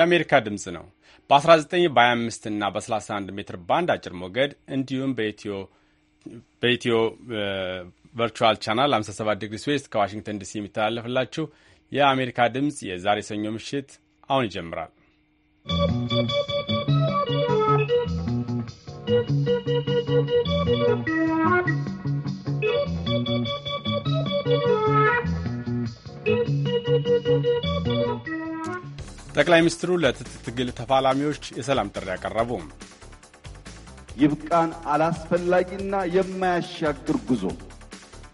የአሜሪካ ድምፅ ነው። በ19 በ25 እና በ31 ሜትር ባንድ አጭር ሞገድ እንዲሁም በኢትዮ ቨርቹዋል ቻናል 57 ዲግሪ ስዌስት ከዋሽንግተን ዲሲ የሚተላለፍላችሁ የአሜሪካ ድምፅ የዛሬ ሰኞ ምሽት አሁን ይጀምራል። ¶¶ ጠቅላይ ሚኒስትሩ ለትጥቅ ትግል ተፋላሚዎች የሰላም ጥሪ ያቀረቡ ይብቃን አላስፈላጊና የማያሻግር ጉዞ፣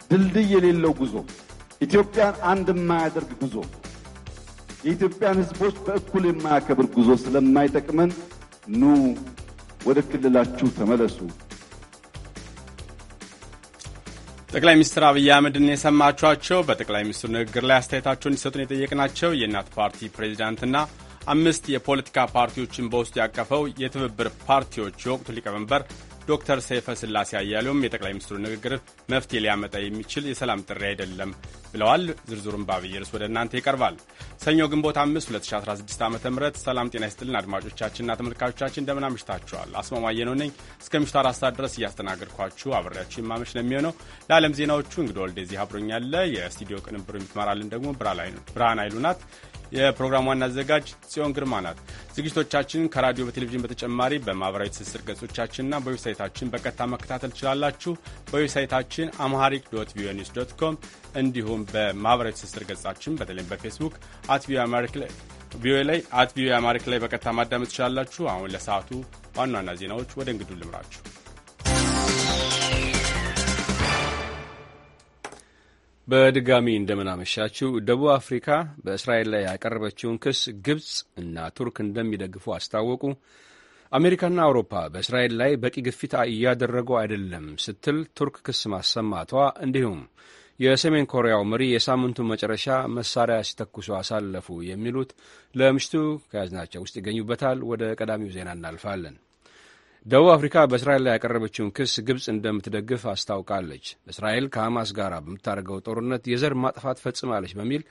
ድልድይ የሌለው ጉዞ፣ ኢትዮጵያን አንድ የማያደርግ ጉዞ፣ የኢትዮጵያን ሕዝቦች በእኩል የማያከብር ጉዞ ስለማይጠቅመን ኑ ወደ ክልላችሁ ተመለሱ። ጠቅላይ ሚኒስትር አብይ አህመድን የሰማችኋቸው በጠቅላይ ሚኒስትሩ ንግግር ላይ አስተያየታቸውን እንዲሰጡን የጠየቅናቸው የእናት ፓርቲ ፕሬዚዳንትና አምስት የፖለቲካ ፓርቲዎችን በውስጡ ያቀፈው የትብብር ፓርቲዎች የወቅቱ ሊቀመንበር ዶክተር ሰይፈ ስላሴ አያሌውም የጠቅላይ ሚኒስትሩ ንግግር መፍትሄ ሊያመጣ የሚችል የሰላም ጥሪ አይደለም ብለዋል። ዝርዝሩን በአብይ ርዕስ ወደ እናንተ ይቀርባል። ሰኞ ግንቦት 5 2016 ዓ ም ሰላም ጤና ይስጥልን አድማጮቻችንና ተመልካቾቻችን እንደምን አምሽታችኋል። አስማማየ ነው ነኝ እስከ ምሽቱ አራት ሰዓት ድረስ እያስተናገድኳችሁ አብሬያችሁ የማመሽ ነው የሚሆነው። ለዓለም ዜናዎቹ እንግዲ ወልደዚህ አብሮኛለ። የስቱዲዮ ቅንብሩ የምትመራልን ደግሞ ብርሃን አይሉናት። የፕሮግራሙ ዋና አዘጋጅ ጽዮን ግርማ ናት። ዝግጅቶቻችን ከራዲዮ በቴሌቪዥን በተጨማሪ በማኅበራዊ ትስስር ገጾቻችንና በዌብሳይታችን በቀጥታ መከታተል ትችላላችሁ። በዌብሳይታችን አምሃሪክ ዶት ቪኦኤ ኒውስ ዶት ኮም እንዲሁም በማኅበራዊ ትስስር ገጻችን በተለይም በፌስቡክ አት ቪኦኤ ላይ አት ቪኦኤ አማሪክ ላይ በቀጥታ ማዳመጥ ትችላላችሁ። አሁን ለሰዓቱ ዋና ዋና ዜናዎች ወደ እንግዱ ልምራችሁ። በድጋሚ እንደምናመሻችው ደቡብ አፍሪካ በእስራኤል ላይ ያቀረበችውን ክስ ግብፅ እና ቱርክ እንደሚደግፉ አስታወቁ። አሜሪካና አውሮፓ በእስራኤል ላይ በቂ ግፊት እያደረጉ አይደለም ስትል ቱርክ ክስ ማሰማቷ፣ እንዲሁም የሰሜን ኮሪያው መሪ የሳምንቱ መጨረሻ መሳሪያ ሲተኩሱ አሳለፉ የሚሉት ለምሽቱ ከያዝናቸው ውስጥ ይገኙበታል። ወደ ቀዳሚው ዜና እናልፋለን። ደቡብ አፍሪካ በእስራኤል ላይ ያቀረበችውን ክስ ግብፅ እንደምትደግፍ አስታውቃለች። እስራኤል ከሐማስ ጋር በምታደርገው ጦርነት የዘር ማጥፋት ፈጽማለች በሚል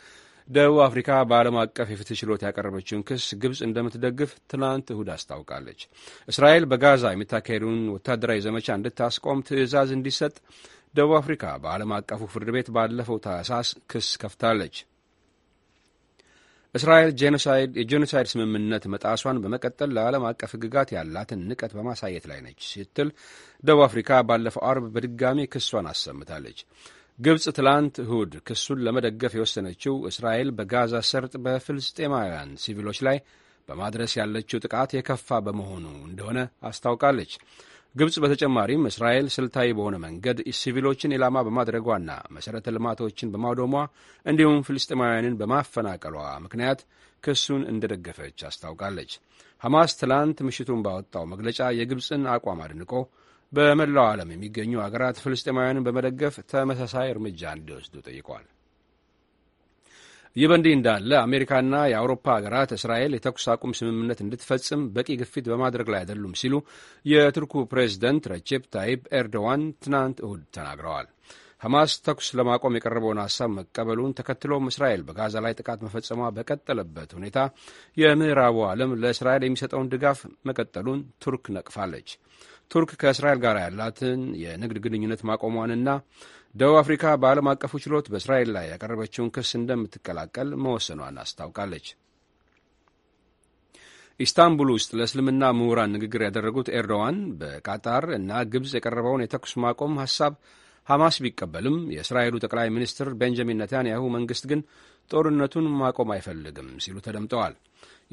ደቡብ አፍሪካ በዓለም አቀፍ የፍትህ ችሎት ያቀረበችውን ክስ ግብፅ እንደምትደግፍ ትናንት እሁድ አስታውቃለች። እስራኤል በጋዛ የምታካሄደውን ወታደራዊ ዘመቻ እንድታስቆም ትዕዛዝ እንዲሰጥ ደቡብ አፍሪካ በዓለም አቀፉ ፍርድ ቤት ባለፈው ታህሳስ ክስ ከፍታለች። እስራኤል የጄኖሳይድ ስምምነት መጣሷን በመቀጠል ለዓለም አቀፍ ሕግጋት ያላትን ንቀት በማሳየት ላይ ነች ስትል ደቡብ አፍሪካ ባለፈው አርብ በድጋሚ ክሷን አሰምታለች። ግብፅ ትላንት እሁድ ክሱን ለመደገፍ የወሰነችው እስራኤል በጋዛ ሰርጥ በፍልስጤማውያን ሲቪሎች ላይ በማድረስ ያለችው ጥቃት የከፋ በመሆኑ እንደሆነ አስታውቃለች። ግብጽ በተጨማሪም እስራኤል ስልታዊ በሆነ መንገድ ሲቪሎችን ኢላማ በማድረጓና መሠረተ ልማቶችን በማውደሟ እንዲሁም ፍልስጤማውያንን በማፈናቀሏ ምክንያት ክሱን እንደደገፈች አስታውቃለች። ሐማስ ትላንት ምሽቱን ባወጣው መግለጫ የግብፅን አቋም አድንቆ በመላው ዓለም የሚገኙ አገራት ፍልስጤማውያንን በመደገፍ ተመሳሳይ እርምጃ እንዲወስዱ ጠይቋል። ይህ በእንዲህ እንዳለ አሜሪካና የአውሮፓ ሀገራት እስራኤል የተኩስ አቁም ስምምነት እንድትፈጽም በቂ ግፊት በማድረግ ላይ አይደሉም ሲሉ የቱርኩ ፕሬዚደንት ረጀፕ ታይብ ኤርዶዋን ትናንት እሁድ ተናግረዋል። ሐማስ ተኩስ ለማቆም የቀረበውን ሀሳብ መቀበሉን ተከትሎም እስራኤል በጋዛ ላይ ጥቃት መፈጸሟ በቀጠለበት ሁኔታ የምዕራቡ ዓለም ለእስራኤል የሚሰጠውን ድጋፍ መቀጠሉን ቱርክ ነቅፋለች። ቱርክ ከእስራኤል ጋር ያላትን የንግድ ግንኙነት ማቆሟንና ደቡብ አፍሪካ በዓለም አቀፉ ችሎት በእስራኤል ላይ ያቀረበችውን ክስ እንደምትቀላቀል መወሰኗን አስታውቃለች። ኢስታንቡል ውስጥ ለእስልምና ምሁራን ንግግር ያደረጉት ኤርዶዋን በቃጣር እና ግብፅ የቀረበውን የተኩስ ማቆም ሐሳብ ሐማስ ቢቀበልም የእስራኤሉ ጠቅላይ ሚኒስትር ቤንጃሚን ነታንያሁ መንግሥት ግን ጦርነቱን ማቆም አይፈልግም ሲሉ ተደምጠዋል።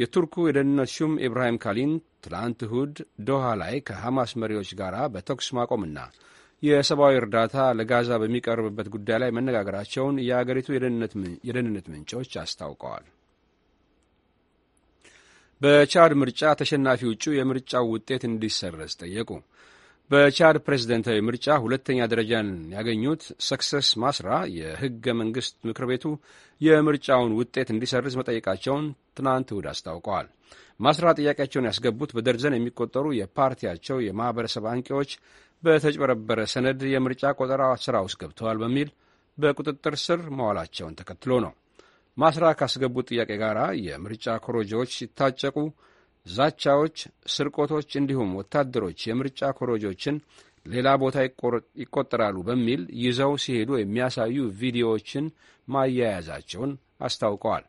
የቱርኩ የደህንነት ሹም ኢብራሂም ካሊን ትላንት እሁድ ዶሃ ላይ ከሐማስ መሪዎች ጋር በተኩስ ማቆምና የሰብአዊ እርዳታ ለጋዛ በሚቀርብበት ጉዳይ ላይ መነጋገራቸውን የአገሪቱ የደህንነት ምንጮች አስታውቀዋል። በቻድ ምርጫ ተሸናፊ ውጩ የምርጫው ውጤት እንዲሰረዝ ጠየቁ። በቻድ ፕሬዝደንታዊ ምርጫ ሁለተኛ ደረጃን ያገኙት ሰክሰስ ማስራ የህገ መንግሥት ምክር ቤቱ የምርጫውን ውጤት እንዲሰርዝ መጠየቃቸውን ትናንት እሁድ አስታውቀዋል። ማስራ ጥያቄያቸውን ያስገቡት በደርዘን የሚቆጠሩ የፓርቲያቸው የማኅበረሰብ አንቂዎች በተጭበረበረ ሰነድ የምርጫ ቆጠራ ስራ ውስጥ ገብተዋል በሚል በቁጥጥር ስር መዋላቸውን ተከትሎ ነው። ማስራ ካስገቡ ጥያቄ ጋር የምርጫ ኮሮጆዎች ሲታጨቁ፣ ዛቻዎች፣ ስርቆቶች እንዲሁም ወታደሮች የምርጫ ኮሮጆችን ሌላ ቦታ ይቆጠራሉ በሚል ይዘው ሲሄዱ የሚያሳዩ ቪዲዮዎችን ማያያዛቸውን አስታውቀዋል።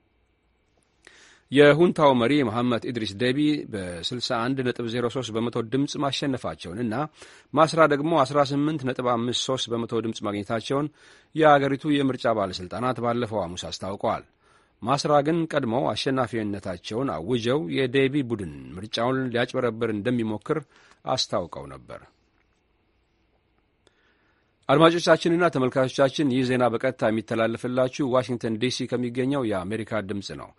የሁንታው መሪ መሐመድ ኢድሪስ ደቢ በ61.03 በመቶ ድምፅ ማሸነፋቸውን እና ማስራ ደግሞ 18.53 በመቶ ድምፅ ማግኘታቸውን የአገሪቱ የምርጫ ባለሥልጣናት ባለፈው ሐሙስ አስታውቀዋል። ማስራ ግን ቀድሞው አሸናፊነታቸውን አውጀው የዴቢ ቡድን ምርጫውን ሊያጭበረብር እንደሚሞክር አስታውቀው ነበር። አድማጮቻችንና ተመልካቾቻችን ይህ ዜና በቀጥታ የሚተላለፍላችሁ ዋሽንግተን ዲሲ ከሚገኘው የአሜሪካ ድምፅ ነው።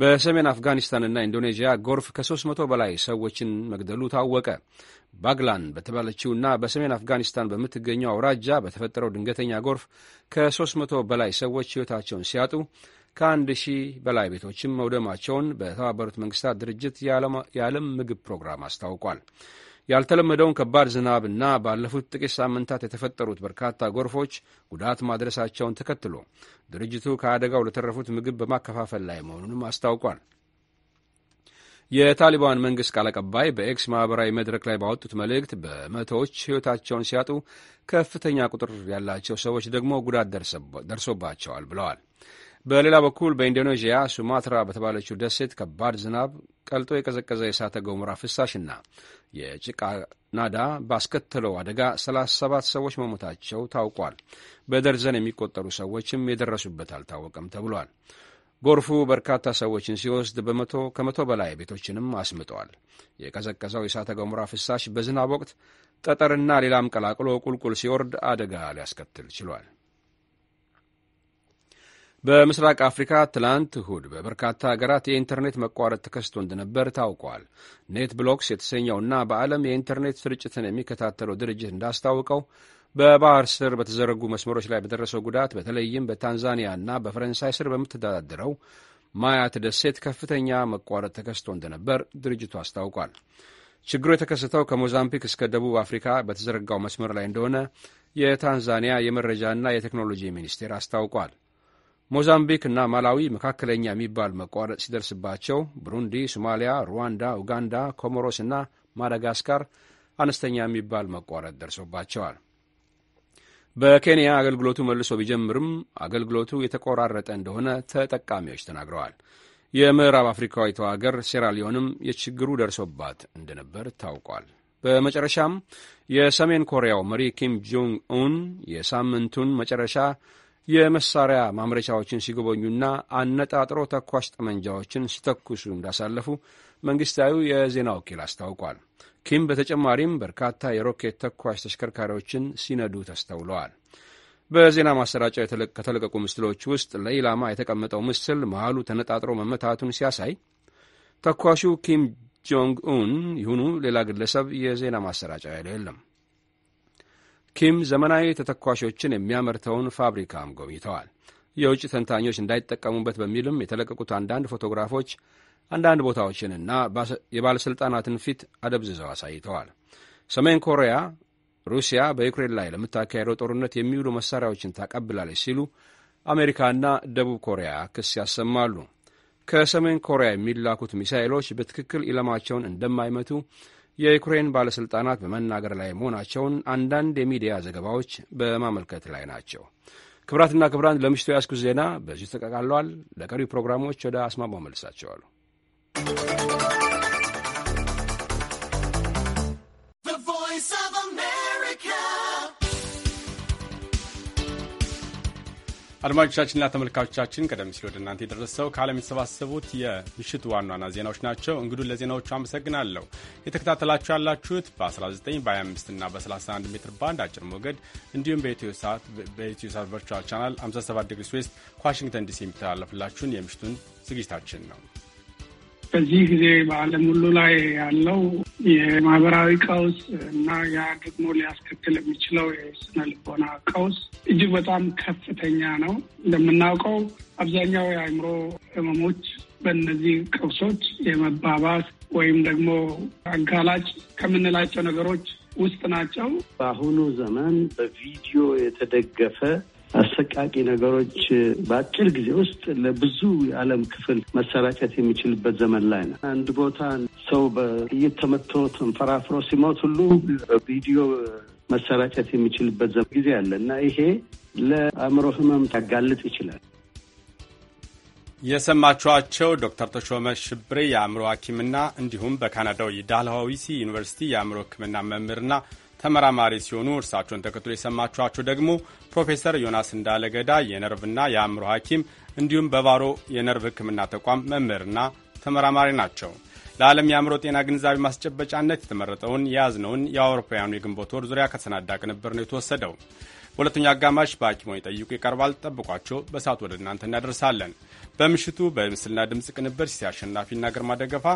በሰሜን አፍጋኒስታንና ኢንዶኔዥያ ጎርፍ ከ300 በላይ ሰዎችን መግደሉ ታወቀ። ባግላን በተባለችውና በሰሜን አፍጋኒስታን በምትገኘው አውራጃ በተፈጠረው ድንገተኛ ጎርፍ ከ300 በላይ ሰዎች ሕይወታቸውን ሲያጡ ከአንድ ሺህ በላይ ቤቶችም መውደማቸውን በተባበሩት መንግስታት ድርጅት የዓለም ምግብ ፕሮግራም አስታውቋል። ያልተለመደውን ከባድ ዝናብ እና ባለፉት ጥቂት ሳምንታት የተፈጠሩት በርካታ ጎርፎች ጉዳት ማድረሳቸውን ተከትሎ ድርጅቱ ከአደጋው ለተረፉት ምግብ በማከፋፈል ላይ መሆኑንም አስታውቋል። የታሊባን መንግሥት ቃል አቀባይ በኤክስ ማኅበራዊ መድረክ ላይ ባወጡት መልእክት በመቶዎች ሕይወታቸውን ሲያጡ፣ ከፍተኛ ቁጥር ያላቸው ሰዎች ደግሞ ጉዳት ደርሶባቸዋል ብለዋል። በሌላ በኩል በኢንዶኔዥያ ሱማትራ በተባለችው ደሴት ከባድ ዝናብ፣ ቀልጦ የቀዘቀዘ የእሳተ ገሞራ ፍሳሽና የጭቃ ናዳ ባስከተለው አደጋ 37 ሰዎች መሞታቸው ታውቋል። በደርዘን የሚቆጠሩ ሰዎችም የደረሱበት አልታወቀም ተብሏል። ጎርፉ በርካታ ሰዎችን ሲወስድ በመቶ ከመቶ በላይ ቤቶችንም አስምጠዋል። የቀዘቀዘው የእሳተ ገሞራ ፍሳሽ በዝናብ ወቅት ጠጠርና ሌላም ቀላቅሎ ቁልቁል ሲወርድ አደጋ ሊያስከትል ችሏል። በምስራቅ አፍሪካ ትላንት እሁድ በበርካታ ሀገራት የኢንተርኔት መቋረጥ ተከስቶ እንደነበር ታውቋል። ኔት ብሎክስ የተሰኘውና በዓለም የኢንተርኔት ስርጭትን የሚከታተለው ድርጅት እንዳስታውቀው በባህር ስር በተዘረጉ መስመሮች ላይ በደረሰው ጉዳት በተለይም በታንዛኒያና በፈረንሳይ ስር በምትተዳደረው ማያት ደሴት ከፍተኛ መቋረጥ ተከስቶ እንደነበር ድርጅቱ አስታውቋል። ችግሩ የተከሰተው ከሞዛምቢክ እስከ ደቡብ አፍሪካ በተዘረጋው መስመር ላይ እንደሆነ የታንዛኒያ የመረጃና የቴክኖሎጂ ሚኒስቴር አስታውቋል። ሞዛምቢክ እና ማላዊ መካከለኛ የሚባል መቋረጥ ሲደርስባቸው ብሩንዲ፣ ሶማሊያ፣ ሩዋንዳ፣ ኡጋንዳ፣ ኮሞሮስ እና ማዳጋስካር አነስተኛ የሚባል መቋረጥ ደርሶባቸዋል። በኬንያ አገልግሎቱ መልሶ ቢጀምርም አገልግሎቱ የተቆራረጠ እንደሆነ ተጠቃሚዎች ተናግረዋል። የምዕራብ አፍሪካዊቷ ሀገር ሴራሊዮንም የችግሩ ደርሶባት እንደነበር ታውቋል። በመጨረሻም የሰሜን ኮሪያው መሪ ኪም ጆንግ ኡን የሳምንቱን መጨረሻ የመሳሪያ ማምረቻዎችን ሲጎበኙና አነጣጥሮ ተኳሽ ጠመንጃዎችን ሲተኩሱ እንዳሳለፉ መንግስታዊው የዜና ወኪል አስታውቋል። ኪም በተጨማሪም በርካታ የሮኬት ተኳሽ ተሽከርካሪዎችን ሲነዱ ተስተውለዋል። በዜና ማሰራጫው ከተለቀቁ ምስሎች ውስጥ ለኢላማ የተቀመጠው ምስል መሃሉ ተነጣጥሮ መመታቱን ሲያሳይ ተኳሹ ኪም ጆንግ ኡን ይሁኑ ሌላ ግለሰብ የዜና ማሰራጫ ያለ የለም። ኪም ዘመናዊ ተተኳሾችን የሚያመርተውን ፋብሪካም ጎብኝተዋል። የውጭ ተንታኞች እንዳይጠቀሙበት በሚልም የተለቀቁት አንዳንድ ፎቶግራፎች አንዳንድ ቦታዎችንና የባለሥልጣናትን ፊት አደብዝዘው አሳይተዋል። ሰሜን ኮሪያ ሩሲያ በዩክሬን ላይ ለምታካሄደው ጦርነት የሚውሉ መሣሪያዎችን ታቀብላለች ሲሉ አሜሪካና ደቡብ ኮሪያ ክስ ያሰማሉ። ከሰሜን ኮሪያ የሚላኩት ሚሳይሎች በትክክል ኢላማቸውን እንደማይመቱ የዩክሬን ባለሥልጣናት በመናገር ላይ መሆናቸውን አንዳንድ የሚዲያ ዘገባዎች በማመልከት ላይ ናቸው። ክብራትና ክብራን ለምሽቱ ያስኩ ዜና በዚሁ ተጠቃለዋል። ለቀሪ ፕሮግራሞች ወደ አስማማው መልሳቸዋሉ። አድማጮቻችንና ተመልካቾቻችን ቀደም ሲል ወደ እናንተ የደረሰው ከዓለም የተሰባሰቡት የምሽቱ ዋና ዋና ዜናዎች ናቸው። እንግዱን ለዜናዎቹ አመሰግናለሁ። የተከታተላችሁ ያላችሁት በ19 በ25ና በ31 ሜትር ባንድ አጭር ሞገድ እንዲሁም ሳት ቨርቹዋል ቻናል 57 ዲግሪ ስዌስት ከዋሽንግተን ዲሲ የሚተላለፍላችሁን የምሽቱን ዝግጅታችን ነው። በዚህ ጊዜ በዓለም ሁሉ ላይ ያለው የማህበራዊ ቀውስ እና ያ ደግሞ ሊያስከትል የሚችለው የስነ ልቦና ቀውስ እጅግ በጣም ከፍተኛ ነው። እንደምናውቀው አብዛኛው የአእምሮ ህመሞች በእነዚህ ቀውሶች የመባባስ ወይም ደግሞ አጋላጭ ከምንላቸው ነገሮች ውስጥ ናቸው። በአሁኑ ዘመን በቪዲዮ የተደገፈ አሰቃቂ ነገሮች በአጭር ጊዜ ውስጥ ለብዙ የዓለም ክፍል መሰራጨት የሚችልበት ዘመን ላይ ነው። አንድ ቦታ ሰው በጥይት ተመቶ ተንፈራፍሮ ሲሞት ሁሉ ቪዲዮ መሰራጨት የሚችልበት ዘመን ጊዜ አለ እና ይሄ ለአእምሮ ህመም ያጋልጥ ይችላል። የሰማችኋቸው ዶክተር ተሾመ ሽብሬ የአእምሮ ሐኪምና እንዲሁም በካናዳው የዳልሃዊሲ ዩኒቨርሲቲ የአእምሮ ሕክምና መምህርና ተመራማሪ ሲሆኑ እርሳቸውን ተከትሎ የሰማችኋቸው ደግሞ ፕሮፌሰር ዮናስ እንዳለገዳ የነርቭና የአእምሮ ሐኪም እንዲሁም በባሮ የነርቭ ሕክምና ተቋም መምህርና ተመራማሪ ናቸው። ለዓለም የአእምሮ ጤና ግንዛቤ ማስጨበጫነት የተመረጠውን የያዝነውን የአውሮፓውያኑ የግንቦት ወር ዙሪያ ከተሰናዳ ቅንብር ነው የተወሰደው። በሁለተኛው አጋማሽ በሐኪሞን ይጠይቁ ይቀርባል። ጠብቋቸው፣ በሰዓት ወደ እናንተ እናደርሳለን። በምሽቱ በምስልና ድምፅ ቅንብር ሲሲ አሸናፊና ግርማ ደገፋ፣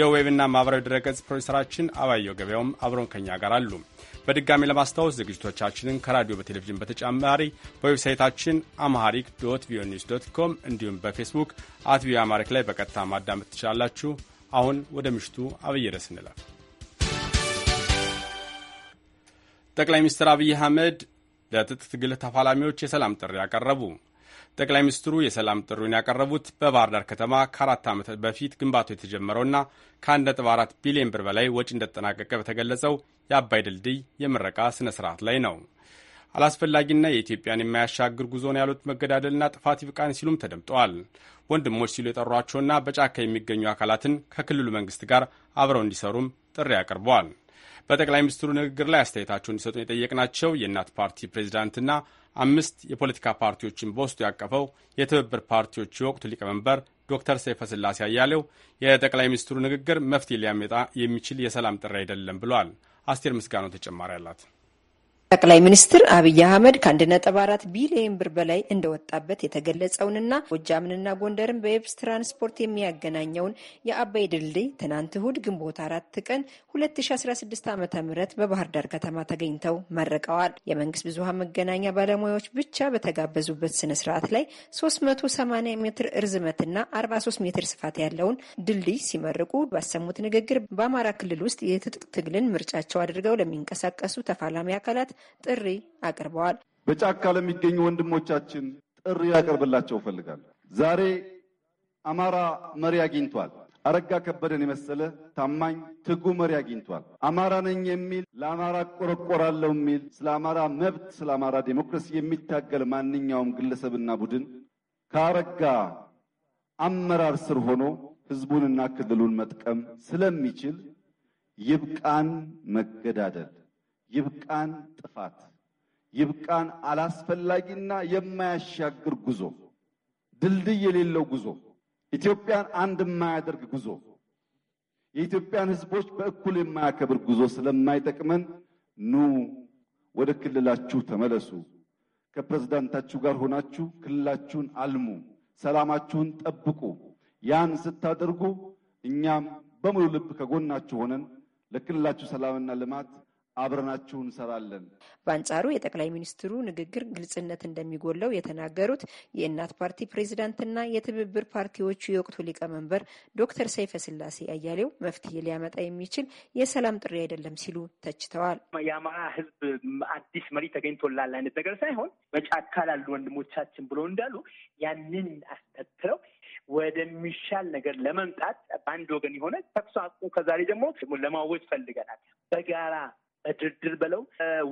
የዌብና ማኅበራዊ ድረገጽ ፕሮዲሰራችን አባየው ገበያውም አብረን ከኛ ጋር አሉ። በድጋሚ ለማስታወስ ዝግጅቶቻችንን ከራዲዮ በቴሌቪዥን በተጨማሪ በዌብሳይታችን አምሃሪክ ዶት ቪኦኤ ኒውስ ዶት ኮም እንዲሁም በፌስቡክ አት ቪኦኤ አማሪክ ላይ በቀጥታ ማዳመጥ ትችላላችሁ። አሁን ወደ ምሽቱ አብይ ርዕስ እንለፍ። ጠቅላይ ሚኒስትር አብይ አህመድ ለትጥቅ ትግል ተፋላሚዎች የሰላም ጥሪ አቀረቡ። ጠቅላይ ሚኒስትሩ የሰላም ጥሪውን ያቀረቡት በባህር ዳር ከተማ ከአራት ዓመት በፊት ግንባታው የተጀመረውና ከ1.4 ቢሊዮን ብር በላይ ወጪ እንደተጠናቀቀ በተገለጸው የአባይ ድልድይ የምረቃ ስነ ስርዓት ላይ ነው። አላስፈላጊና የኢትዮጵያን የማያሻግር ጉዞን ያሉት መገዳደልና ጥፋት ይብቃን ሲሉም ተደምጠዋል። ወንድሞች ሲሉ የጠሯቸውና በጫካ የሚገኙ አካላትን ከክልሉ መንግስት ጋር አብረው እንዲሰሩም ጥሪ አቅርበዋል። በጠቅላይ ሚኒስትሩ ንግግር ላይ አስተያየታቸውን እንዲሰጡን የጠየቅናቸው የእናት ፓርቲ ፕሬዚዳንትና አምስት የፖለቲካ ፓርቲዎችን በውስጡ ያቀፈው የትብብር ፓርቲዎች የወቅቱ ሊቀመንበር ዶክተር ሰይፈ ስላሴ አያሌው የጠቅላይ ሚኒስትሩ ንግግር መፍትሄ ሊያመጣ የሚችል የሰላም ጥሪ አይደለም ብለዋል። አስቴር ምስጋናው ተጨማሪ አላት። ጠቅላይ ሚኒስትር አብይ አህመድ ከአንድ ነጥብ አራት ቢሊዮን ብር በላይ እንደወጣበት የተገለጸውንና ጎጃምንና ጎንደርን በየብስ ትራንስፖርት የሚያገናኘውን የአባይ ድልድይ ትናንት እሁድ ግንቦት አራት ቀን 2016 ዓ ም በባህር ዳር ከተማ ተገኝተው መርቀዋል። የመንግስት ብዙሀን መገናኛ ባለሙያዎች ብቻ በተጋበዙበት ስነ ስርዓት ላይ 380 ሜትር እርዝመትና 43 ሜትር ስፋት ያለውን ድልድይ ሲመርቁ ባሰሙት ንግግር በአማራ ክልል ውስጥ የትጥቅ ትግልን ምርጫቸው አድርገው ለሚንቀሳቀሱ ተፋላሚ አካላት ጥሪ አቅርበዋል። በጫካ ለሚገኙ ወንድሞቻችን ጥሪ ያቀርብላቸው ይፈልጋል። ዛሬ አማራ መሪ አግኝቷል። አረጋ ከበደን የመሰለ ታማኝ ትጉ መሪ አግኝቷል። አማራ ነኝ የሚል ለአማራ ቆረቆራለሁ የሚል ስለ አማራ መብት፣ ስለ አማራ ዴሞክራሲ የሚታገል ማንኛውም ግለሰብና ቡድን ከአረጋ አመራር ስር ሆኖ ህዝቡንና ክልሉን መጥቀም ስለሚችል ይብቃን መገዳደል ይብቃን ጥፋት፣ ይብቃን አላስፈላጊና የማያሻግር ጉዞ፣ ድልድይ የሌለው ጉዞ፣ ኢትዮጵያን አንድ የማያደርግ ጉዞ፣ የኢትዮጵያን ሕዝቦች በእኩል የማያከብር ጉዞ ስለማይጠቅመን ኑ ወደ ክልላችሁ ተመለሱ። ከፕሬዝዳንታችሁ ጋር ሆናችሁ ክልላችሁን አልሙ፣ ሰላማችሁን ጠብቁ። ያን ስታደርጉ እኛም በሙሉ ልብ ከጎናችሁ ሆነን ለክልላችሁ ሰላምና ልማት አብረናችሁ እንሰራለን። በአንጻሩ የጠቅላይ ሚኒስትሩ ንግግር ግልጽነት እንደሚጎለው የተናገሩት የእናት ፓርቲ ፕሬዚዳንትና የትብብር ፓርቲዎቹ የወቅቱ ሊቀመንበር ዶክተር ሰይፈ ስላሴ አያሌው መፍትሄ ሊያመጣ የሚችል የሰላም ጥሪ አይደለም ሲሉ ተችተዋል። የአማራ ሕዝብ አዲስ መሪ ተገኝቶላል አይነት ነገር ሳይሆን በጫካ ላሉ ወንድሞቻችን ብሎ እንዳሉ ያንን አስከትለው ወደሚሻል ነገር ለመምጣት በአንድ ወገን የሆነ ተኩስ ከዛሬ ደግሞ ለማወጅ ፈልገናል በጋራ ድርድር በለው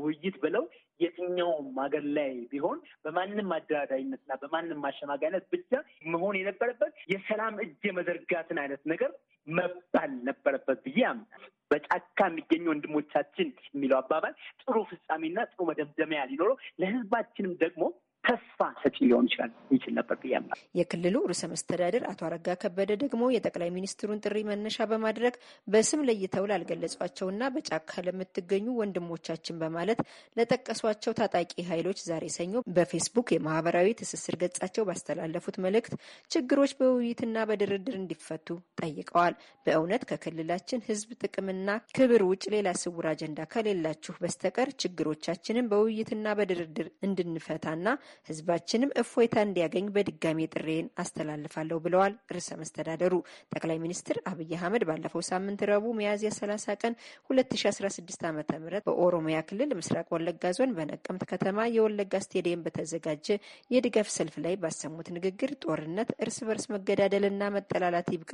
ውይይት በለው የትኛውም ሀገር ላይ ቢሆን በማንም አደራዳሪነትና በማንም ማሸማጋነት ብቻ መሆን የነበረበት የሰላም እጅ የመዘርጋትን አይነት ነገር መባል ነበረበት ብዬ አምናል። በጫካ የሚገኙ ወንድሞቻችን የሚለው አባባል ጥሩ ፍጻሜና ጥሩ መደምደሚያ ሊኖረው ለህዝባችንም ደግሞ ተስፋ ሰጪ ሊሆን ይችላል ይችል ነበር ብያምናል። የክልሉ ርዕሰ መስተዳድር አቶ አረጋ ከበደ ደግሞ የጠቅላይ ሚኒስትሩን ጥሪ መነሻ በማድረግ በስም ለይተው ላልገለጿቸውና በጫካ ለምትገኙ ወንድሞቻችን በማለት ለጠቀሷቸው ታጣቂ ኃይሎች ዛሬ ሰኞ በፌስቡክ የማህበራዊ ትስስር ገጻቸው ባስተላለፉት መልእክት ችግሮች በውይይትና በድርድር እንዲፈቱ ጠይቀዋል። በእውነት ከክልላችን ህዝብ ጥቅምና ክብር ውጭ ሌላ ስውር አጀንዳ ከሌላችሁ በስተቀር ችግሮቻችንን በውይይትና በድርድር እንድንፈታና ህዝባችንም እፎይታ እንዲያገኝ በድጋሚ ጥሬን አስተላልፋለሁ ብለዋል ርዕሰ መስተዳደሩ። ጠቅላይ ሚኒስትር አብይ አህመድ ባለፈው ሳምንት ረቡዕ ሚያዝያ 30 ቀን 2016 ዓ ም በኦሮሚያ ክልል ምስራቅ ወለጋ ዞን በነቀምት ከተማ የወለጋ ስቴዲየም በተዘጋጀ የድጋፍ ሰልፍ ላይ ባሰሙት ንግግር ጦርነት፣ እርስ በርስ መገዳደልና መጠላላት ይብቃ፣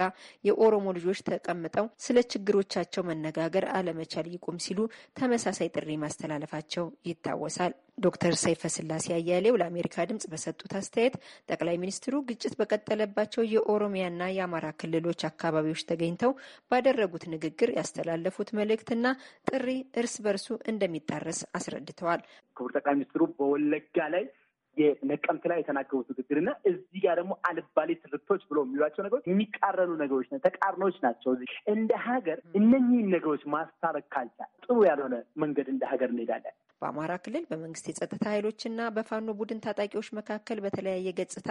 የኦሮሞ ልጆች ተቀምጠው ስለ ችግሮቻቸው መነጋገር አለመቻል ይቁም ሲሉ ተመሳሳይ ጥሪ ማስተላለፋቸው ይታወሳል። ዶክተር ሰይፈ ስላሴ አያሌው ለአሜሪካ ድምጽ በሰጡት አስተያየት ጠቅላይ ሚኒስትሩ ግጭት በቀጠለባቸው የኦሮሚያና የአማራ ክልሎች አካባቢዎች ተገኝተው ባደረጉት ንግግር ያስተላለፉት መልእክትና ጥሪ እርስ በርሱ እንደሚጣረስ አስረድተዋል። ክቡር ጠቅላይ ሚኒስትሩ በወለጋ ላይ ነቀምት ላይ የተናገሩት ንግግርና እዚህ ጋር ደግሞ አልባሌ ትርክቶች ብሎ የሚሏቸው ነገሮች የሚቃረኑ ነገሮች ተቃርኖች ናቸው። እዚህ እንደ ሀገር እነኚህን ነገሮች ማስታረቅ ካልቻል ጥሩ ያልሆነ መንገድ እንደ ሀገር እንሄዳለን። በአማራ ክልል በመንግስት የጸጥታ ኃይሎችና በፋኖ ቡድን ታጣቂዎች መካከል በተለያየ ገጽታ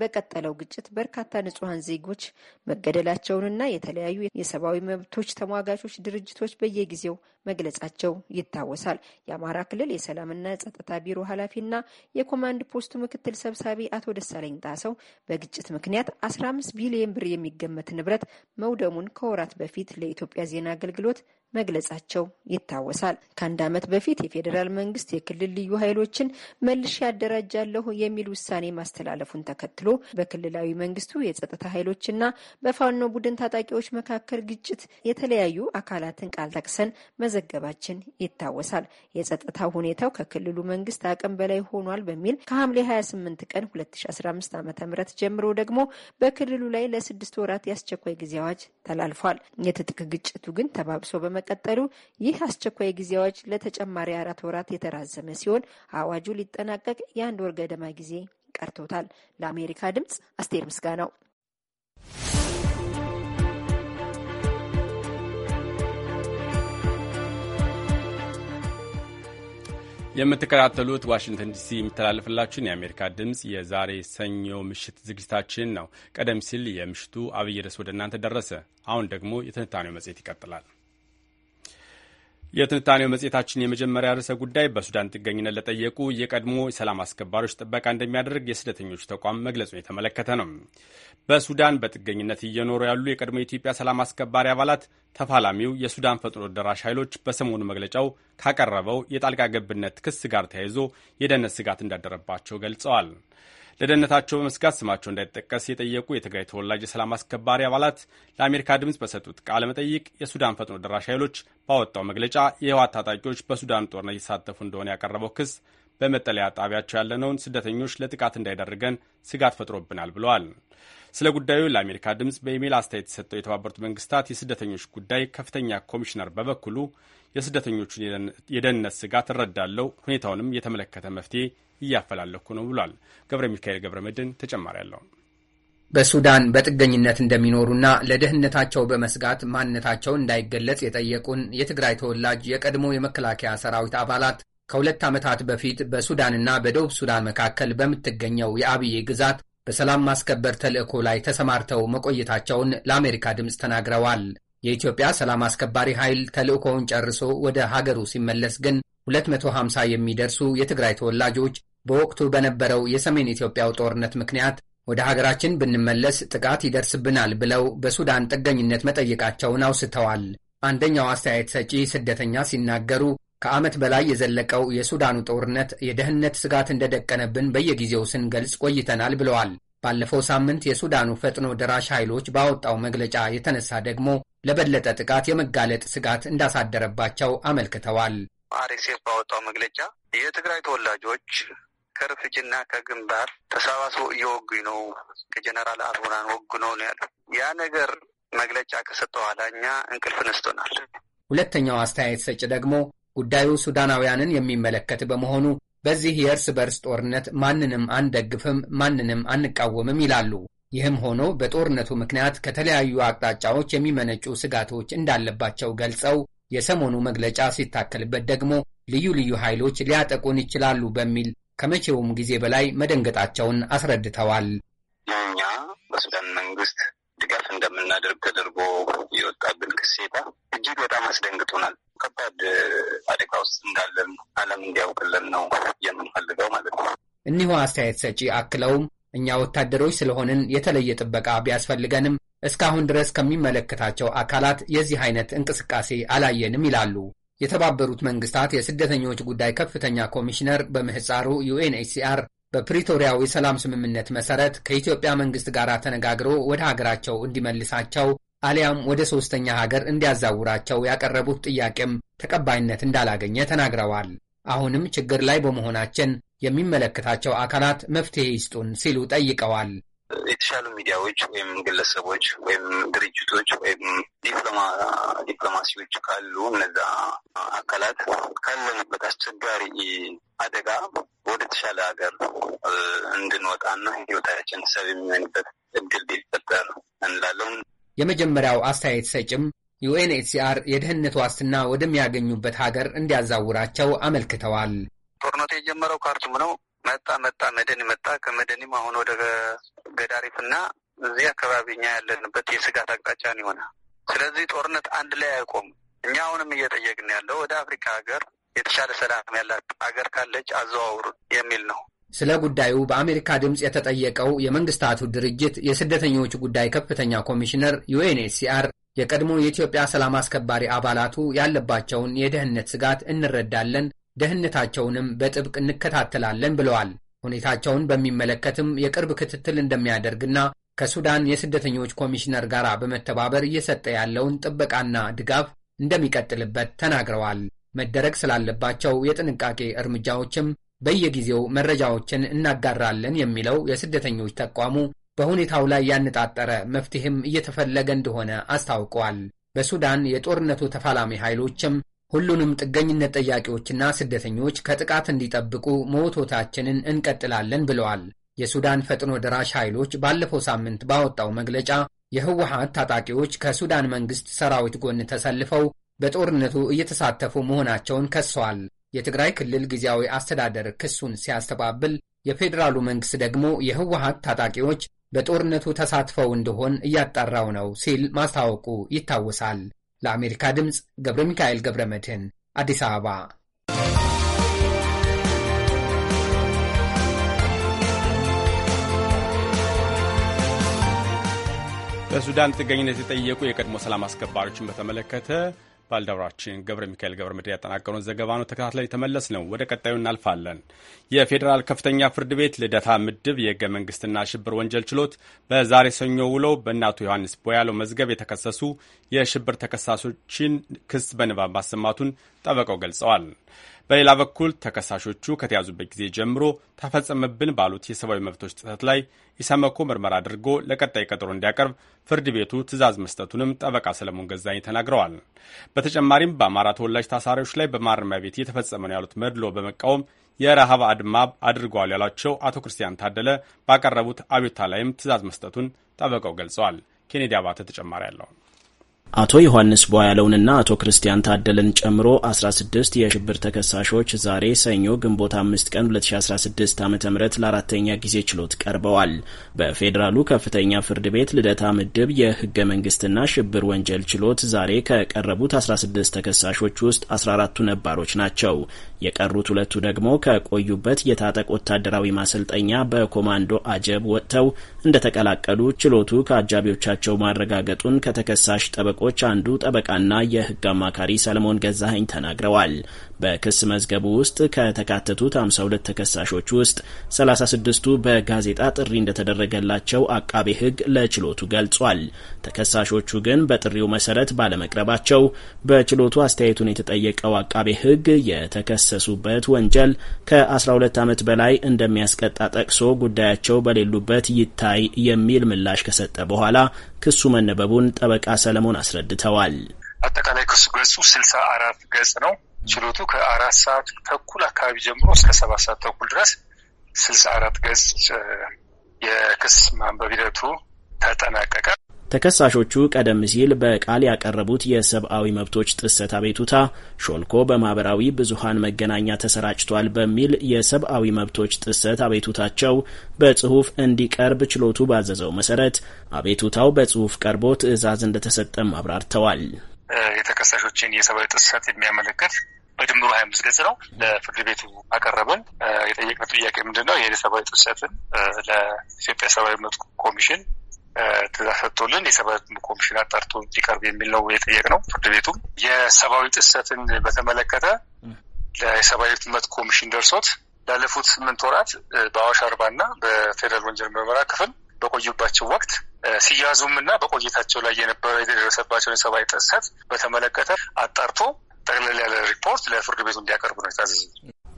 በቀጠለው ግጭት በርካታ ንጹሐን ዜጎች መገደላቸውንና የተለያዩ የሰብአዊ መብቶች ተሟጋቾች ድርጅቶች በየጊዜው መግለጻቸው ይታወሳል። የአማራ ክልል የሰላምና ጸጥታ ቢሮ ኃላፊና የኮማንዶ የኮማንድ ፖስቱ ምክትል ሰብሳቢ አቶ ደሳለኝ ጣሰው በግጭት ምክንያት 15 ቢሊዮን ብር የሚገመት ንብረት መውደሙን ከወራት በፊት ለኢትዮጵያ ዜና አገልግሎት መግለጻቸው ይታወሳል። ከአንድ ዓመት በፊት የፌዴራል መንግስት የክልል ልዩ ኃይሎችን መልሼ ያደራጃለሁ የሚል ውሳኔ ማስተላለፉን ተከትሎ በክልላዊ መንግስቱ የጸጥታ ኃይሎችና በፋኖ ቡድን ታጣቂዎች መካከል ግጭት የተለያዩ አካላትን ቃል ጠቅሰን መዘገባችን ይታወሳል። የጸጥታ ሁኔታው ከክልሉ መንግስት አቅም በላይ ሆኗል በሚል ከሐምሌ 28 ቀን 2015 ዓ ም ጀምሮ ደግሞ በክልሉ ላይ ለስድስት ወራት የአስቸኳይ ጊዜ አዋጅ ተላልፏል። የትጥቅ ግጭቱ ግን ተባብሶ በመ በመቀጠሉ ይህ አስቸኳይ ጊዜ አዋጅ ለተጨማሪ አራት ወራት የተራዘመ ሲሆን አዋጁ ሊጠናቀቅ የአንድ ወር ገደማ ጊዜ ቀርቶታል። ለአሜሪካ ድምጽ አስቴር ምስጋናው። የምትከታተሉት ዋሽንግተን ዲሲ የሚተላለፍላችሁን የአሜሪካ ድምፅ የዛሬ ሰኞ ምሽት ዝግጅታችን ነው። ቀደም ሲል የምሽቱ አብይ ርዕስ ወደ እናንተ ደረሰ። አሁን ደግሞ የትንታኔው መጽሔት ይቀጥላል። የትንታኔው መጽሔታችን የመጀመሪያ ርዕሰ ጉዳይ በሱዳን ጥገኝነት ለጠየቁ የቀድሞ የሰላም አስከባሪዎች ጥበቃ እንደሚያደርግ የስደተኞች ተቋም መግለጹን የተመለከተ ነው። በሱዳን በጥገኝነት እየኖሩ ያሉ የቀድሞ የኢትዮጵያ ሰላም አስከባሪ አባላት ተፋላሚው የሱዳን ፈጥኖ ደራሽ ኃይሎች በሰሞኑ መግለጫው ካቀረበው የጣልቃ ገብነት ክስ ጋር ተያይዞ የደህንነት ስጋት እንዳደረባቸው ገልጸዋል። ለደህንነታቸው በመስጋት ስማቸው እንዳይጠቀስ የጠየቁ የትግራይ ተወላጅ የሰላም አስከባሪ አባላት ለአሜሪካ ድምፅ በሰጡት ቃለ መጠይቅ የሱዳን ፈጥኖ ደራሽ ኃይሎች ባወጣው መግለጫ የህወሓት ታጣቂዎች በሱዳን ጦርነት እየተሳተፉ እንደሆነ ያቀረበው ክስ በመጠለያ ጣቢያቸው ያለነውን ስደተኞች ለጥቃት እንዳይደርገን ስጋት ፈጥሮብናል ብለዋል። ስለ ጉዳዩ ለአሜሪካ ድምፅ በኢሜይል አስተያየት የተሰጠው የተባበሩት መንግስታት የስደተኞች ጉዳይ ከፍተኛ ኮሚሽነር በበኩሉ የስደተኞቹን የደህንነት ስጋት እረዳለው፣ ሁኔታውንም የተመለከተ መፍትሄ እያፈላለኩ ነው ብሏል። ገብረ ሚካኤል ገብረ መድን ተጨማሪ አለው። በሱዳን በጥገኝነት እንደሚኖሩና ለደህንነታቸው በመስጋት ማንነታቸው እንዳይገለጽ የጠየቁን የትግራይ ተወላጅ የቀድሞ የመከላከያ ሰራዊት አባላት ከሁለት ዓመታት በፊት በሱዳንና በደቡብ ሱዳን መካከል በምትገኘው የአብዬ ግዛት በሰላም ማስከበር ተልዕኮ ላይ ተሰማርተው መቆየታቸውን ለአሜሪካ ድምፅ ተናግረዋል። የኢትዮጵያ ሰላም አስከባሪ ኃይል ተልዕኮውን ጨርሶ ወደ ሀገሩ ሲመለስ ግን 250 የሚደርሱ የትግራይ ተወላጆች በወቅቱ በነበረው የሰሜን ኢትዮጵያው ጦርነት ምክንያት ወደ ሀገራችን ብንመለስ ጥቃት ይደርስብናል ብለው በሱዳን ጥገኝነት መጠየቃቸውን አውስተዋል። አንደኛው አስተያየት ሰጪ ስደተኛ ሲናገሩ ከዓመት በላይ የዘለቀው የሱዳኑ ጦርነት የደህንነት ስጋት እንደደቀነብን በየጊዜው ስንገልጽ ቆይተናል ብለዋል። ባለፈው ሳምንት የሱዳኑ ፈጥኖ ደራሽ ኃይሎች ባወጣው መግለጫ የተነሳ ደግሞ ለበለጠ ጥቃት የመጋለጥ ስጋት እንዳሳደረባቸው አመልክተዋል። አሬሴፍ ባወጣው መግለጫ የትግራይ ተወላጆች ከርፍጅና ከግንባር ተሰባስበው እየወጉ ነው፣ ከጀነራል አልቡናን ወጉ ነው ነው ያለ ያ ነገር መግለጫ ከሰጠ በኋላ እኛ እንቅልፍ ነስቶናል። ሁለተኛው አስተያየት ሰጭ ደግሞ ጉዳዩ ሱዳናውያንን የሚመለከት በመሆኑ በዚህ የእርስ በርስ ጦርነት ማንንም አንደግፍም፣ ማንንም አንቃወምም ይላሉ። ይህም ሆኖ በጦርነቱ ምክንያት ከተለያዩ አቅጣጫዎች የሚመነጩ ስጋቶች እንዳለባቸው ገልጸው የሰሞኑ መግለጫ ሲታከልበት ደግሞ ልዩ ልዩ ኃይሎች ሊያጠቁን ይችላሉ በሚል ከመቼውም ጊዜ በላይ መደንገጣቸውን አስረድተዋል። እኛ በሱዳን መንግስት ድጋፍ እንደምናደርግ ተደርጎ የወጣብን ክሴታ እጅግ በጣም አስደንግጦናል። ከባድ አደጋ ውስጥ እንዳለን ዓለም እንዲያውቅልን ነው የምንፈልገው ማለት ነው። እኒሁ አስተያየት ሰጪ አክለውም እኛ ወታደሮች ስለሆንን የተለየ ጥበቃ ቢያስፈልገንም እስካሁን ድረስ ከሚመለከታቸው አካላት የዚህ አይነት እንቅስቃሴ አላየንም ይላሉ። የተባበሩት መንግስታት የስደተኞች ጉዳይ ከፍተኛ ኮሚሽነር በምህፃሩ ዩኤንኤችሲአር በፕሪቶሪያው የሰላም ስምምነት መሰረት ከኢትዮጵያ መንግስት ጋር ተነጋግሮ ወደ ሀገራቸው እንዲመልሳቸው አሊያም ወደ ሶስተኛ ሀገር እንዲያዛውራቸው ያቀረቡት ጥያቄም ተቀባይነት እንዳላገኘ ተናግረዋል። አሁንም ችግር ላይ በመሆናችን የሚመለከታቸው አካላት መፍትሄ ይስጡን ሲሉ ጠይቀዋል። የተሻሉ ሚዲያዎች ወይም ግለሰቦች ወይም ድርጅቶች ወይም ዲፕሎማ ዲፕሎማሲዎች ካሉ እነዛ አካላት ካለንበት አስቸጋሪ አደጋ ወደ ተሻለ ሀገር እንድንወጣና ህይወታችን ሰብ የሚሆንበት እድል ቢፈጠር እንላለን። የመጀመሪያው አስተያየት ሰጭም ዩኤንኤችሲአር የደህንነት ዋስትና ወደሚያገኙበት ሀገር እንዲያዛውራቸው አመልክተዋል። ጦርነቱ የጀመረው ካርቱም ነው። መጣ መጣ መደን መጣ። ከመደኒም አሁን ወደ ገዳሪፍ እና እዚህ አካባቢ እኛ ያለንበት የስጋት አቅጣጫን ይሆናል። ስለዚህ ጦርነት አንድ ላይ አይቆም። እኛ አሁንም እየጠየቅን ያለው ወደ አፍሪካ ሀገር የተሻለ ሰላም ያላት ሀገር ካለች አዘዋውሩ የሚል ነው። ስለ ጉዳዩ በአሜሪካ ድምፅ የተጠየቀው የመንግስታቱ ድርጅት የስደተኞች ጉዳይ ከፍተኛ ኮሚሽነር ዩኤንኤችሲአር የቀድሞ የኢትዮጵያ ሰላም አስከባሪ አባላቱ ያለባቸውን የደህንነት ስጋት እንረዳለን፣ ደህንነታቸውንም በጥብቅ እንከታተላለን ብለዋል። ሁኔታቸውን በሚመለከትም የቅርብ ክትትል እንደሚያደርግና ከሱዳን የስደተኞች ኮሚሽነር ጋር በመተባበር እየሰጠ ያለውን ጥበቃና ድጋፍ እንደሚቀጥልበት ተናግረዋል። መደረግ ስላለባቸው የጥንቃቄ እርምጃዎችም በየጊዜው መረጃዎችን እናጋራለን የሚለው የስደተኞች ተቋሙ በሁኔታው ላይ ያነጣጠረ መፍትሄም እየተፈለገ እንደሆነ አስታውቀዋል። በሱዳን የጦርነቱ ተፋላሚ ኃይሎችም ሁሉንም ጥገኝነት ጠያቂዎችና ስደተኞች ከጥቃት እንዲጠብቁ መወቶታችንን እንቀጥላለን ብለዋል። የሱዳን ፈጥኖ ደራሽ ኃይሎች ባለፈው ሳምንት ባወጣው መግለጫ የህወሓት ታጣቂዎች ከሱዳን መንግሥት ሰራዊት ጎን ተሰልፈው በጦርነቱ እየተሳተፉ መሆናቸውን ከሰዋል። የትግራይ ክልል ጊዜያዊ አስተዳደር ክሱን ሲያስተባብል፣ የፌዴራሉ መንግሥት ደግሞ የህወሓት ታጣቂዎች በጦርነቱ ተሳትፈው እንደሆን እያጣራው ነው ሲል ማስታወቁ ይታወሳል። ለአሜሪካ ድምፅ ገብረ ሚካኤል ገብረ መድህን አዲስ አበባ። በሱዳን ጥገኝነት የጠየቁ የቀድሞ ሰላም አስከባሪዎችን በተመለከተ ባልደረባችን ገብረ ሚካኤል ገብረ ምድር ያጠናቀሩን ዘገባ ነው። ተከታትለን የተመለስ ነው። ወደ ቀጣዩ እናልፋለን። የፌዴራል ከፍተኛ ፍርድ ቤት ልደታ ምድብ የህገ መንግስትና ሽብር ወንጀል ችሎት በዛሬ ሰኞ ውሎ በእነ አቶ ዮሐንስ ቦያለው መዝገብ የተከሰሱ የሽብር ተከሳሾችን ክስ በንባብ ማሰማቱን ጠበቀው ገልጸዋል። በሌላ በኩል ተከሳሾቹ ከተያዙበት ጊዜ ጀምሮ ተፈጸመብን ባሉት የሰብአዊ መብቶች ጥሰት ላይ ኢሰመኮ ምርመራ አድርጎ ለቀጣይ ቀጠሮ እንዲያቀርብ ፍርድ ቤቱ ትዕዛዝ መስጠቱንም ጠበቃ ሰለሞን ገዛኝ ተናግረዋል። በተጨማሪም በአማራ ተወላጅ ታሳሪዎች ላይ በማረሚያ ቤት እየተፈጸመ ነው ያሉት መድሎ በመቃወም የረሃብ አድማ አድርገዋል ያሏቸው አቶ ክርስቲያን ታደለ ባቀረቡት አቤቱታ ላይም ትዕዛዝ መስጠቱን ጠበቃው ገልጸዋል። ኬኔዲ አባተ ተጨማሪ አለው። አቶ ዮሐንስ ቧያለውንና አቶ ክርስቲያን ታደለን ጨምሮ 16 የሽብር ተከሳሾች ዛሬ ሰኞ ግንቦት 5 ቀን 2016 ዓ ም ለአራተኛ ጊዜ ችሎት ቀርበዋል። በፌዴራሉ ከፍተኛ ፍርድ ቤት ልደታ ምድብ የህገ መንግስትና ሽብር ወንጀል ችሎት ዛሬ ከቀረቡት 16 ተከሳሾች ውስጥ 14ቱ ነባሮች ናቸው። የቀሩት ሁለቱ ደግሞ ከቆዩበት የታጠቅ ወታደራዊ ማሰልጠኛ በኮማንዶ አጀብ ወጥተው እንደተቀላቀሉ ችሎቱ ከአጃቢዎቻቸው ማረጋገጡን ከተከሳሽ ጠበቆች አንዱ ጠበቃና የህግ አማካሪ ሰለሞን ገዛኸኝ ተናግረዋል። በክስ መዝገቡ ውስጥ ከተካተቱት 52 ተከሳሾች ውስጥ 36ቱ በጋዜጣ ጥሪ እንደተደረገላቸው አቃቤ ሕግ ለችሎቱ ገልጿል። ተከሳሾቹ ግን በጥሪው መሰረት ባለመቅረባቸው በችሎቱ አስተያየቱን የተጠየቀው አቃቤ ሕግ የተከሰሱበት ወንጀል ከ12 ዓመት በላይ እንደሚያስቀጣ ጠቅሶ ጉዳያቸው በሌሉበት ይታይ የሚል ምላሽ ከሰጠ በኋላ ክሱ መነበቡን ጠበቃ ሰለሞን አስረድተዋል። አጠቃላይ ክሱ ገጹ ስልሳ አራት ገጽ ነው። ችሎቱ ከአራት ሰዓት ተኩል አካባቢ ጀምሮ እስከ ሰባት ሰዓት ተኩል ድረስ ስልሳ አራት ገጽ የክስ ማንበብ ሂደቱ ተጠናቀቀ። ተከሳሾቹ ቀደም ሲል በቃል ያቀረቡት የሰብአዊ መብቶች ጥሰት አቤቱታ ሾልኮ በማህበራዊ ብዙሃን መገናኛ ተሰራጭቷል በሚል የሰብአዊ መብቶች ጥሰት አቤቱታቸው በጽሁፍ እንዲቀርብ ችሎቱ ባዘዘው መሰረት አቤቱታው በጽሁፍ ቀርቦ ትዕዛዝ እንደተሰጠም አብራርተዋል። የተከሳሾችን የሰብአዊ ጥሰት የሚያመለክት በድምሩ ሀያ አምስት ገጽ ነው። ለፍርድ ቤቱ አቀረብን። የጠየቅነው ጥያቄ ምንድን ነው? የሰብአዊ ጥሰትን ለኢትዮጵያ ሰብአዊ መብት ኮሚሽን ትእዛዝ ሰጥቶልን የሰብአዊ መብት ኮሚሽን አጣርቶ እንዲቀርብ የሚል ነው የጠየቅነው። ፍርድ ቤቱም የሰብአዊ ጥሰትን በተመለከተ ለሰብአዊ መብት ኮሚሽን ደርሶት ላለፉት ስምንት ወራት በአዋሽ አርባ እና በፌደራል ወንጀል ምርመራ ክፍል በቆዩባቸው ወቅት ሲያዙም እና በቆይታቸው ላይ የነበረ የደረሰባቸውን የሰብአዊ ጥሰት በተመለከተ አጣርቶ ጠቅለል ያለ ሪፖርት ለፍርድ ቤቱ እንዲያቀርቡ ነው የታዘዘ።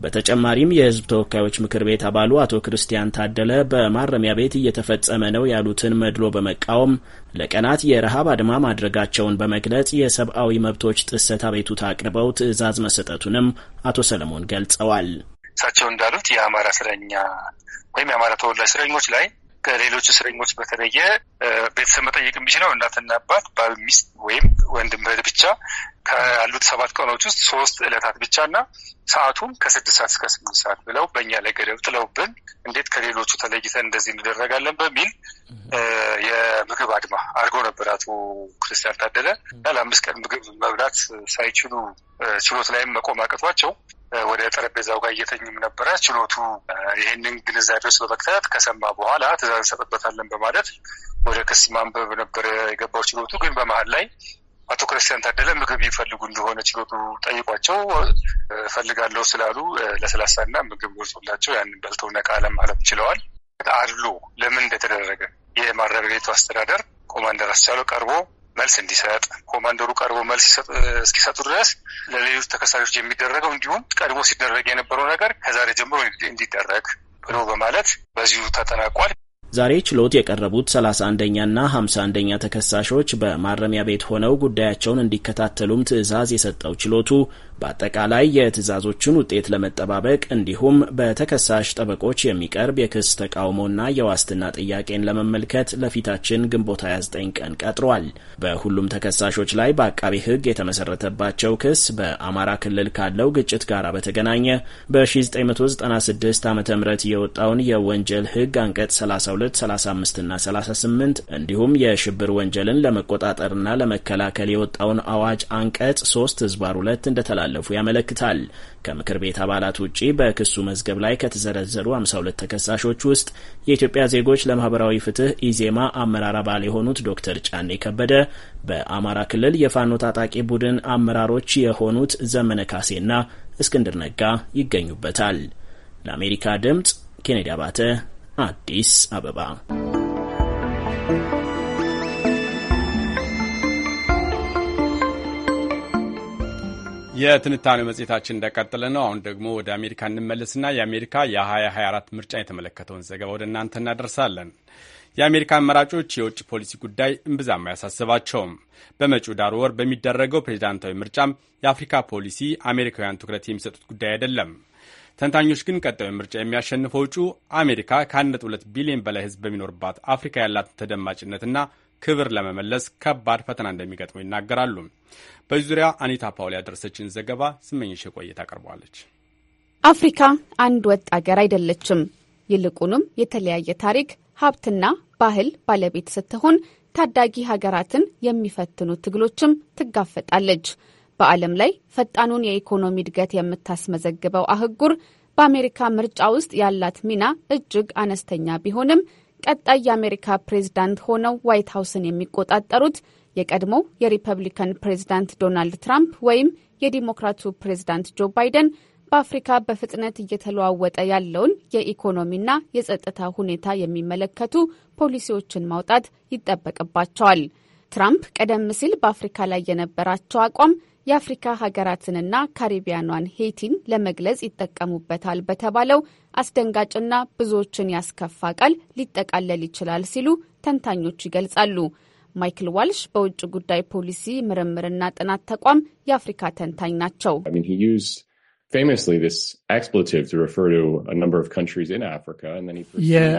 በተጨማሪም የሕዝብ ተወካዮች ምክር ቤት አባሉ አቶ ክርስቲያን ታደለ በማረሚያ ቤት እየተፈጸመ ነው ያሉትን መድሎ በመቃወም ለቀናት የረሃብ አድማ ማድረጋቸውን በመግለጽ የሰብአዊ መብቶች ጥሰት አቤቱታ አቅርበው ትዕዛዝ መሰጠቱንም አቶ ሰለሞን ገልጸዋል። እሳቸው እንዳሉት የአማራ እስረኛ ወይም የአማራ ተወላጅ እስረኞች ላይ ከሌሎች እስረኞች በተለየ ቤተሰብ መጠየቅ የሚችለው እናትና አባት፣ ባል፣ ሚስት ወይም ወንድም እህት ብቻ ካሉት ሰባት ቀኖች ውስጥ ሶስት እለታት ብቻ እና ሰዓቱም ከስድስት ሰዓት እስከ ስምንት ሰዓት ብለው በእኛ ላይ ገደብ ጥለውብን እንዴት ከሌሎቹ ተለይተን እንደዚህ እንደረጋለን በሚል የምግብ አድማ አድርጎ ነበር አቶ ክርስቲያን ታደለ እና ለአምስት ቀን ምግብ መብላት ሳይችሉ ችሎት ላይም መቆም አቅቷቸው ወደ ጠረጴዛው ጋር እየተኙም ነበረ። ችሎቱ ይህንን ግንዛቤዎች በመክተት ከሰማ በኋላ ትዕዛዝ እንሰጥበታለን በማለት ወደ ክስ ማንበብ ነበር የገባው ችሎቱ ግን በመሀል ላይ አቶ ክርስቲያን ታደለ ምግብ ይፈልጉ እንደሆነ ችሎቱ ጠይቋቸው እፈልጋለሁ ስላሉ ለስላሳና ምግብ ወርሶላቸው ያንን በልተው ነቃ ለማለት ችለዋል። አድሎ ለምን እንደተደረገ የማረሚያ ቤቱ አስተዳደር ኮማንደር አስቻለው ቀርቦ መልስ እንዲሰጥ ኮማንደሩ ቀርቦ መልስ እስኪሰጡ ድረስ ለሌሎች ተከሳሾች የሚደረገው እንዲሁም ቀድሞ ሲደረግ የነበረው ነገር ከዛሬ ጀምሮ እንዲደረግ ብሎ በማለት በዚሁ ተጠናቋል። ዛሬ ችሎት የቀረቡት 31ኛና 51ኛ ተከሳሾች በማረሚያ ቤት ሆነው ጉዳያቸውን እንዲከታተሉም ትዕዛዝ የሰጠው ችሎቱ በአጠቃላይ የትዕዛዞቹን ውጤት ለመጠባበቅ እንዲሁም በተከሳሽ ጠበቆች የሚቀርብ የክስ ተቃውሞና የዋስትና ጥያቄን ለመመልከት ለፊታችን ግንቦት 29 ቀን ቀጥሯል። በሁሉም ተከሳሾች ላይ በአቃቢ ሕግ የተመሰረተባቸው ክስ በአማራ ክልል ካለው ግጭት ጋር በተገናኘ በ1996 ዓ ም የወጣውን የወንጀል ሕግ አንቀጽ 32፣ 35ና 38 እንዲሁም የሽብር ወንጀልን ለመቆጣጠርና ለመከላከል የወጣውን አዋጅ አንቀጽ 3 ህዝባር 2 እንደተላ እንዳላለፉ ያመለክታል። ከምክር ቤት አባላት ውጪ በክሱ መዝገብ ላይ ከተዘረዘሩ 52 ተከሳሾች ውስጥ የኢትዮጵያ ዜጎች ለማህበራዊ ፍትህ ኢዜማ አመራር አባል የሆኑት ዶክተር ጫኔ ከበደ፣ በአማራ ክልል የፋኖ ታጣቂ ቡድን አመራሮች የሆኑት ዘመነ ካሴና እስክንድር ነጋ ይገኙበታል። ለአሜሪካ ድምጽ ኬኔዲ አባተ አዲስ አበባ የትንታኔው መጽሔታችን እንደቀጠለ ነው። አሁን ደግሞ ወደ አሜሪካ እንመለስና የአሜሪካ የ2024 ምርጫ የተመለከተውን ዘገባ ወደ እናንተ እናደርሳለን። የአሜሪካ አመራጮች የውጭ ፖሊሲ ጉዳይ እምብዛም አያሳስባቸውም። በመጪው ዳር ወር በሚደረገው ፕሬዚዳንታዊ ምርጫም የአፍሪካ ፖሊሲ አሜሪካውያን ትኩረት የሚሰጡት ጉዳይ አይደለም። ተንታኞች ግን ቀጣዩ ምርጫ የሚያሸንፈው እጩ አሜሪካ ከ1.2 ቢሊዮን በላይ ሕዝብ በሚኖርባት አፍሪካ ያላትን ተደማጭነትና ክብር ለመመለስ ከባድ ፈተና እንደሚገጥመው ይናገራሉ። በዚህ ዙሪያ አኒታ ፓውል ያደረሰችን ዘገባ ስመኝሽ ቆየት አቀርበዋለች። አፍሪካ አንድ ወጥ አገር አይደለችም። ይልቁንም የተለያየ ታሪክ፣ ሀብትና ባህል ባለቤት ስትሆን ታዳጊ ሀገራትን የሚፈትኑ ትግሎችም ትጋፈጣለች። በዓለም ላይ ፈጣኑን የኢኮኖሚ እድገት የምታስመዘግበው አህጉር በአሜሪካ ምርጫ ውስጥ ያላት ሚና እጅግ አነስተኛ ቢሆንም ቀጣይ የአሜሪካ ፕሬዝዳንት ሆነው ዋይት ሀውስን የሚቆጣጠሩት የቀድሞው የሪፐብሊካን ፕሬዝዳንት ዶናልድ ትራምፕ ወይም የዲሞክራቱ ፕሬዝዳንት ጆ ባይደን በአፍሪካ በፍጥነት እየተለዋወጠ ያለውን የኢኮኖሚና የጸጥታ ሁኔታ የሚመለከቱ ፖሊሲዎችን ማውጣት ይጠበቅባቸዋል። ትራምፕ ቀደም ሲል በአፍሪካ ላይ የነበራቸው አቋም የአፍሪካ ሀገራትንና ካሪቢያኗን ሄይቲን ለመግለጽ ይጠቀሙበታል በተባለው አስደንጋጭና ብዙዎችን ያስከፋ ቃል ሊጠቃለል ይችላል ሲሉ ተንታኞች ይገልጻሉ። ማይክል ዋልሽ በውጭ ጉዳይ ፖሊሲ ምርምርና ጥናት ተቋም የአፍሪካ ተንታኝ ናቸው።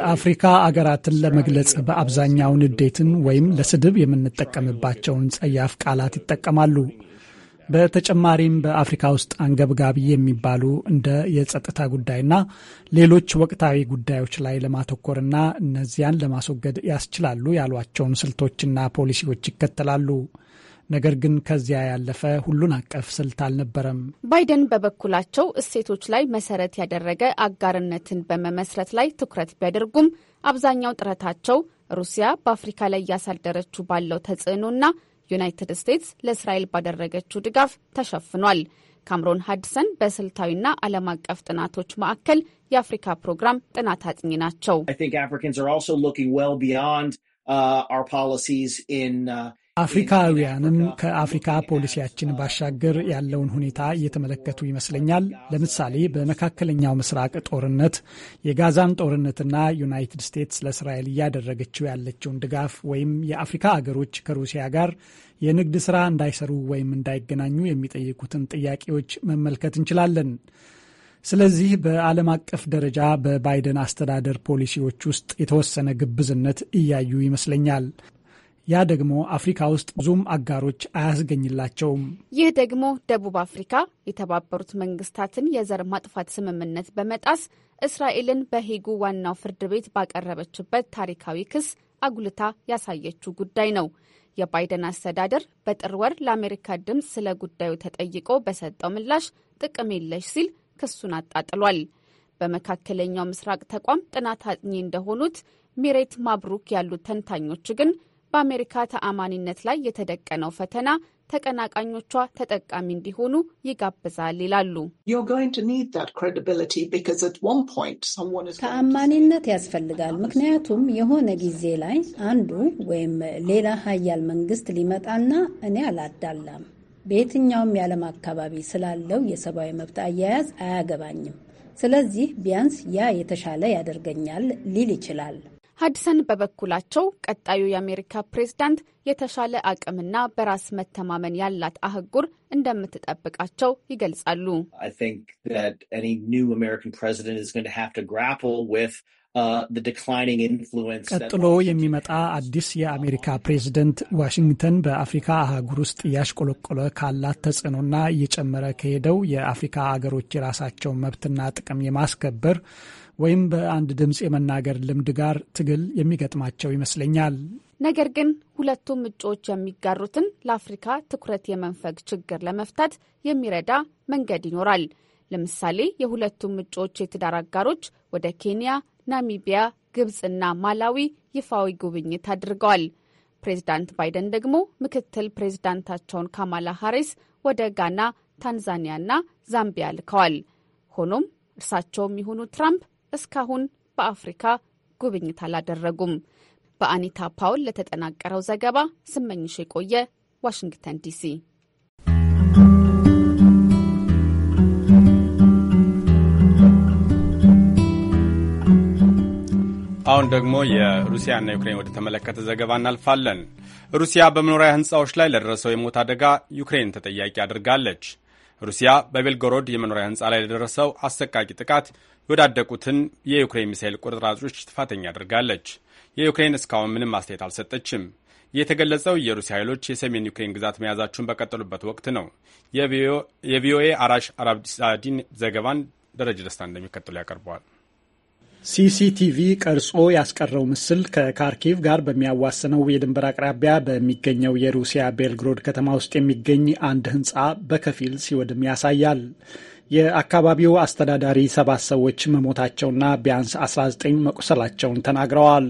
የአፍሪካ አገራትን ለመግለጽ በአብዛኛው ንዴትን ወይም ለስድብ የምንጠቀምባቸውን ጸያፍ ቃላት ይጠቀማሉ። በተጨማሪም በአፍሪካ ውስጥ አንገብጋቢ የሚባሉ እንደ የጸጥታ ጉዳይና ሌሎች ወቅታዊ ጉዳዮች ላይ ለማተኮርና እነዚያን ለማስወገድ ያስችላሉ ያሏቸውን ስልቶችና ፖሊሲዎች ይከተላሉ። ነገር ግን ከዚያ ያለፈ ሁሉን አቀፍ ስልት አልነበረም። ባይደን በበኩላቸው እሴቶች ላይ መሰረት ያደረገ አጋርነትን በመመስረት ላይ ትኩረት ቢያደርጉም አብዛኛው ጥረታቸው ሩሲያ በአፍሪካ ላይ እያሳደረችው ባለው ተጽዕኖና ዩናይትድ ስቴትስ ለእስራኤል ባደረገችው ድጋፍ ተሸፍኗል። ካምሮን ሀድሰን በስልታዊና ዓለም አቀፍ ጥናቶች ማዕከል የአፍሪካ ፕሮግራም ጥናት አጥኚ ናቸው። አፍሪካውያንም ከአፍሪካ ፖሊሲያችን ባሻገር ያለውን ሁኔታ እየተመለከቱ ይመስለኛል። ለምሳሌ በመካከለኛው ምስራቅ ጦርነት የጋዛን ጦርነትና ዩናይትድ ስቴትስ ለእስራኤል እያደረገችው ያለችውን ድጋፍ ወይም የአፍሪካ አገሮች ከሩሲያ ጋር የንግድ ስራ እንዳይሰሩ ወይም እንዳይገናኙ የሚጠይቁትን ጥያቄዎች መመልከት እንችላለን። ስለዚህ በዓለም አቀፍ ደረጃ በባይደን አስተዳደር ፖሊሲዎች ውስጥ የተወሰነ ግብዝነት እያዩ ይመስለኛል። ያ ደግሞ አፍሪካ ውስጥ ብዙም አጋሮች አያስገኝላቸውም። ይህ ደግሞ ደቡብ አፍሪካ የተባበሩት መንግስታትን የዘር ማጥፋት ስምምነት በመጣስ እስራኤልን በሄጉ ዋናው ፍርድ ቤት ባቀረበችበት ታሪካዊ ክስ አጉልታ ያሳየችው ጉዳይ ነው። የባይደን አስተዳደር በጥር ወር ለአሜሪካ ድምፅ ስለ ጉዳዩ ተጠይቆ በሰጠው ምላሽ ጥቅም የለሽ ሲል ክሱን አጣጥሏል። በመካከለኛው ምስራቅ ተቋም ጥናት አጥኚ እንደሆኑት ሚሬት ማብሩክ ያሉት ተንታኞች ግን በአሜሪካ ተአማኒነት ላይ የተደቀነው ፈተና ተቀናቃኞቿ ተጠቃሚ እንዲሆኑ ይጋብዛል ይላሉ። ተአማኒነት ያስፈልጋል። ምክንያቱም የሆነ ጊዜ ላይ አንዱ ወይም ሌላ ሀያል መንግስት ሊመጣና እኔ አላዳላም፣ በየትኛውም የዓለም አካባቢ ስላለው የሰብአዊ መብት አያያዝ አያገባኝም፣ ስለዚህ ቢያንስ ያ የተሻለ ያደርገኛል ሊል ይችላል። ሀዲሰን በበኩላቸው ቀጣዩ የአሜሪካ ፕሬዝዳንት የተሻለ አቅምና በራስ መተማመን ያላት አህጉር እንደምትጠብቃቸው ይገልጻሉ። uh, ቀጥሎ የሚመጣ አዲስ የአሜሪካ ፕሬዝደንት ዋሽንግተን በአፍሪካ አህጉር ውስጥ እያሽቆለቆለ ካላት ተጽዕኖና እየጨመረ ከሄደው የአፍሪካ አገሮች የራሳቸውን መብትና ጥቅም የማስከበር ወይም በአንድ ድምፅ የመናገር ልምድ ጋር ትግል የሚገጥማቸው ይመስለኛል። ነገር ግን ሁለቱም እጩዎች የሚጋሩትን ለአፍሪካ ትኩረት የመንፈግ ችግር ለመፍታት የሚረዳ መንገድ ይኖራል። ለምሳሌ የሁለቱም እጩዎች የትዳር አጋሮች ወደ ኬንያ፣ ናሚቢያ፣ ግብፅና ማላዊ ይፋዊ ጉብኝት አድርገዋል። ፕሬዝዳንት ባይደን ደግሞ ምክትል ፕሬዝዳንታቸውን ካማላ ሀሪስ ወደ ጋና፣ ታንዛኒያና ዛምቢያ ልከዋል። ሆኖም እርሳቸውም የሆኑ ትራምፕ እስካሁን በአፍሪካ ጉብኝት አላደረጉም። በአኒታ ፓውል ለተጠናቀረው ዘገባ ስመኝሽ የቆየ ዋሽንግተን ዲሲ። አሁን ደግሞ የሩሲያና ዩክሬን ወደ ተመለከተ ዘገባ እናልፋለን። ሩሲያ በመኖሪያ ህንፃዎች ላይ ለደረሰው የሞት አደጋ ዩክሬን ተጠያቂ አድርጋለች። ሩሲያ በቤልጎሮድ የመኖሪያ ህንፃ ላይ ለደረሰው አሰቃቂ ጥቃት የወዳደቁትን የዩክሬን ሚሳኤል ቁርጥራጮች ጥፋተኛ አድርጋለች። የዩክሬን እስካሁን ምንም አስተያየት አልሰጠችም። የተገለጸው የሩሲያ ኃይሎች የሰሜን ዩክሬን ግዛት መያዛቸውን በቀጠሉበት ወቅት ነው። የቪኦኤ አራሽ አራብሳዲን ዘገባን ደረጀ ደስታ እንደሚከተሉ ያቀርበዋል። ሲሲቲቪ ቀርጾ ያስቀረው ምስል ከካርኪቭ ጋር በሚያዋስነው የድንበር አቅራቢያ በሚገኘው የሩሲያ ቤልግሮድ ከተማ ውስጥ የሚገኝ አንድ ሕንፃ በከፊል ሲወድም ያሳያል። የአካባቢው አስተዳዳሪ ሰባት ሰዎች መሞታቸውና ቢያንስ 19 መቁሰላቸውን ተናግረዋል።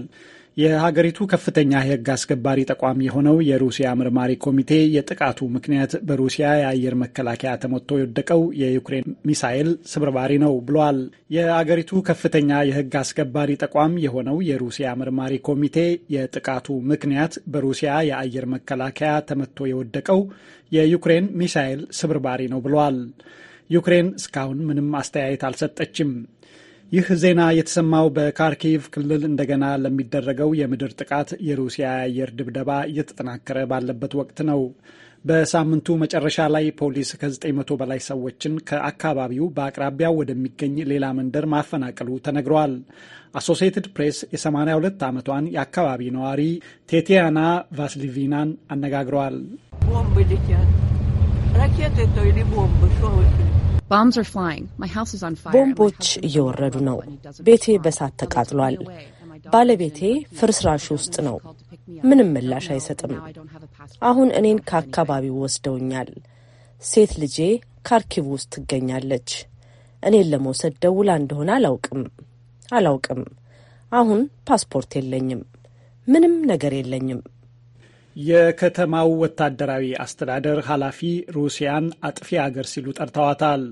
የሀገሪቱ ከፍተኛ የሕግ አስከባሪ ተቋም የሆነው የሩሲያ ምርማሪ ኮሚቴ የጥቃቱ ምክንያት በሩሲያ የአየር መከላከያ ተመትቶ የወደቀው የዩክሬን ሚሳኤል ስብርባሪ ነው ብሏል። የአገሪቱ ከፍተኛ የሕግ አስከባሪ ተቋም የሆነው የሩሲያ ምርማሪ ኮሚቴ የጥቃቱ ምክንያት በሩሲያ የአየር መከላከያ ተመቶ የወደቀው የዩክሬን ሚሳኤል ስብርባሪ ነው ብሏል። ዩክሬን እስካሁን ምንም አስተያየት አልሰጠችም። ይህ ዜና የተሰማው በካርኪቭ ክልል እንደገና ለሚደረገው የምድር ጥቃት የሩሲያ የአየር ድብደባ እየተጠናከረ ባለበት ወቅት ነው። በሳምንቱ መጨረሻ ላይ ፖሊስ ከ900 በላይ ሰዎችን ከአካባቢው በአቅራቢያው ወደሚገኝ ሌላ መንደር ማፈናቀሉ ተነግሯል። አሶሴትድ ፕሬስ የ82 ዓመቷን የአካባቢ ነዋሪ ቴቲያና ቫስሊቪናን አነጋግረዋል። ቦምቦች እየወረዱ ነው። ቤቴ በሳት ተቃጥሏል። ባለቤቴ ፍርስራሽ ውስጥ ነው። ምንም ምላሽ አይሰጥም። አሁን እኔን ከአካባቢው ወስደውኛል። ሴት ልጄ ካርኪቭ ውስጥ ትገኛለች። እኔን ለመውሰድ ደውላ እንደሆነ አላውቅም አላውቅም። አሁን ፓስፖርት የለኝም። ምንም ነገር የለኝም። የከተማው ወታደራዊ አስተዳደር ኃላፊ ሩሲያን አጥፊ አገር ሲሉ ጠርተዋታል።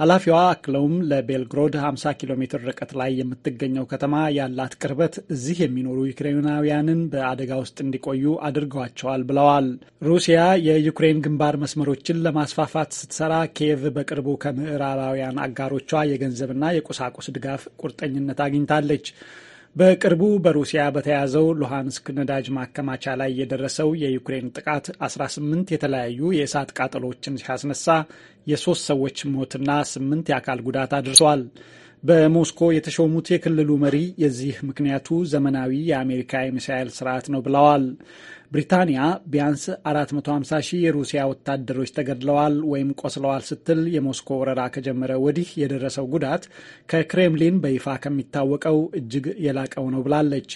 ኃላፊዋ አክለውም ለቤልግሮድ 50 ኪሎ ሜትር ርቀት ላይ የምትገኘው ከተማ ያላት ቅርበት እዚህ የሚኖሩ ዩክሬናውያንን በአደጋ ውስጥ እንዲቆዩ አድርገዋቸዋል ብለዋል። ሩሲያ የዩክሬን ግንባር መስመሮችን ለማስፋፋት ስትሰራ ኪየቭ በቅርቡ ከምዕራባውያን አጋሮቿ የገንዘብና የቁሳቁስ ድጋፍ ቁርጠኝነት አግኝታለች። በቅርቡ በሩሲያ በተያዘው ሉሃንስክ ነዳጅ ማከማቻ ላይ የደረሰው የዩክሬን ጥቃት 18 የተለያዩ የእሳት ቃጠሎችን ሲያስነሳ የሶስት ሰዎች ሞትና ስምንት የአካል ጉዳት አድርሰዋል። በሞስኮ የተሾሙት የክልሉ መሪ የዚህ ምክንያቱ ዘመናዊ የአሜሪካ የሚሳኤል ስርዓት ነው ብለዋል። ብሪታንያ ቢያንስ 450 ሺህ የሩሲያ ወታደሮች ተገድለዋል ወይም ቆስለዋል ስትል የሞስኮ ወረራ ከጀመረ ወዲህ የደረሰው ጉዳት ከክሬምሊን በይፋ ከሚታወቀው እጅግ የላቀው ነው ብላለች።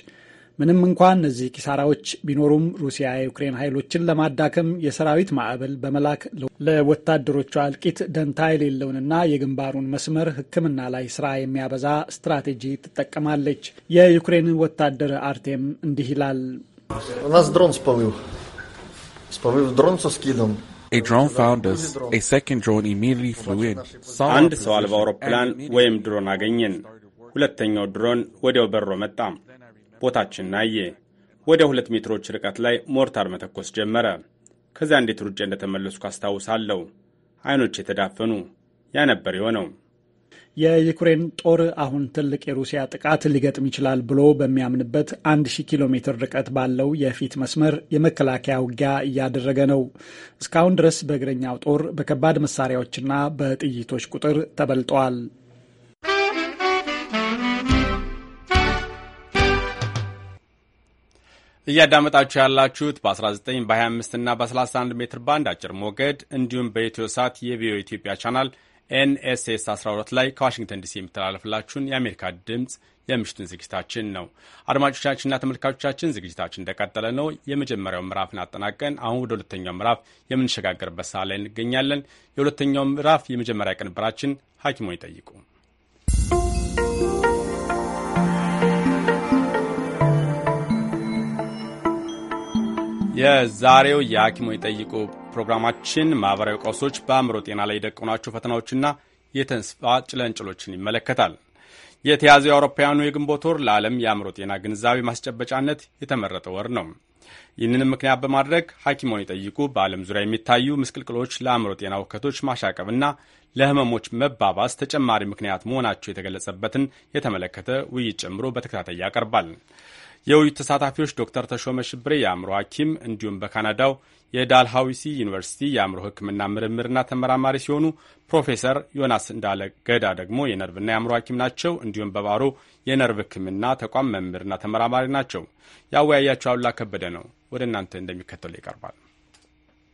ምንም እንኳን እነዚህ ኪሳራዎች ቢኖሩም ሩሲያ የዩክሬን ኃይሎችን ለማዳከም የሰራዊት ማዕበል በመላክ ለወታደሮቿ እልቂት ደንታ የሌለውንና የግንባሩን መስመር ሕክምና ላይ ስራ የሚያበዛ ስትራቴጂ ትጠቀማለች። የዩክሬን ወታደር አርቴም እንዲህ ይላል። አንድ ሰው አልባ አውሮፕላን ወይም ድሮን አገኘን። ሁለተኛው ድሮን ወዲያው በሮ መጣም ቦታችንን አየ። ወደ ሁለት ሜትሮች ርቀት ላይ ሞርታር መተኮስ ጀመረ። ከዚያ እንዴት ሩጬ እንደተመለስኩ አስታውሳለሁ። አይኖች የተዳፈኑ ያ ነበር የሆነው። የዩክሬን ጦር አሁን ትልቅ የሩሲያ ጥቃት ሊገጥም ይችላል ብሎ በሚያምንበት 1000 ኪሎ ሜትር ርቀት ባለው የፊት መስመር የመከላከያ ውጊያ እያደረገ ነው። እስካሁን ድረስ በእግረኛው ጦር በከባድ መሳሪያዎችና በጥይቶች ቁጥር ተበልጠዋል። እያዳመጣችሁ ያላችሁት በ19 በ25 እና በ31 ሜትር ባንድ አጭር ሞገድ እንዲሁም በኢትዮ ሳት የቪኦ ኢትዮጵያ ቻናል ኤንኤስኤስ 12 ላይ ከዋሽንግተን ዲሲ የሚተላለፍላችሁን የአሜሪካ ድምፅ የምሽቱን ዝግጅታችን ነው። አድማጮቻችንና ተመልካቾቻችን ዝግጅታችን እንደቀጠለ ነው። የመጀመሪያው ምዕራፍን አጠናቀን አሁን ወደ ሁለተኛው ምዕራፍ የምንሸጋገርበት ሰዓት ላይ እንገኛለን። የሁለተኛው ምዕራፍ የመጀመሪያ ቅንብራችን ሐኪሞን ይጠይቁ የዛሬው የሐኪሞን የጠይቁ ፕሮግራማችን ማኅበራዊ ቀውሶች በአእምሮ ጤና ላይ የደቀኗቸው ፈተናዎችና የተስፋ ጭለንጭሎችን ይመለከታል። የተያዘው የአውሮፓውያኑ የግንቦት ወር ለዓለም የአእምሮ ጤና ግንዛቤ ማስጨበጫነት የተመረጠ ወር ነው። ይህንንም ምክንያት በማድረግ ሐኪሞን ይጠይቁ በዓለም ዙሪያ የሚታዩ ምስቅልቅሎች ለአእምሮ ጤና ውከቶች ማሻቀብና ለህመሞች መባባስ ተጨማሪ ምክንያት መሆናቸው የተገለጸበትን የተመለከተ ውይይት ጨምሮ በተከታታይ ያቀርባል። የውይይት ተሳታፊዎች ዶክተር ተሾመ ሽብሬ የአእምሮ ሐኪም እንዲሁም በካናዳው የዳልሃዊሲ ዩኒቨርሲቲ የአእምሮ ሕክምና ምርምርና ተመራማሪ ሲሆኑ ፕሮፌሰር ዮናስ እንዳለ ገዳ ደግሞ የነርቭና የአእምሮ ሐኪም ናቸው። እንዲሁም በባሮ የነርቭ ሕክምና ተቋም መምህርና ተመራማሪ ናቸው። ያወያያቸው አሉላ ከበደ ነው። ወደ እናንተ እንደሚከተለው ይቀርባል።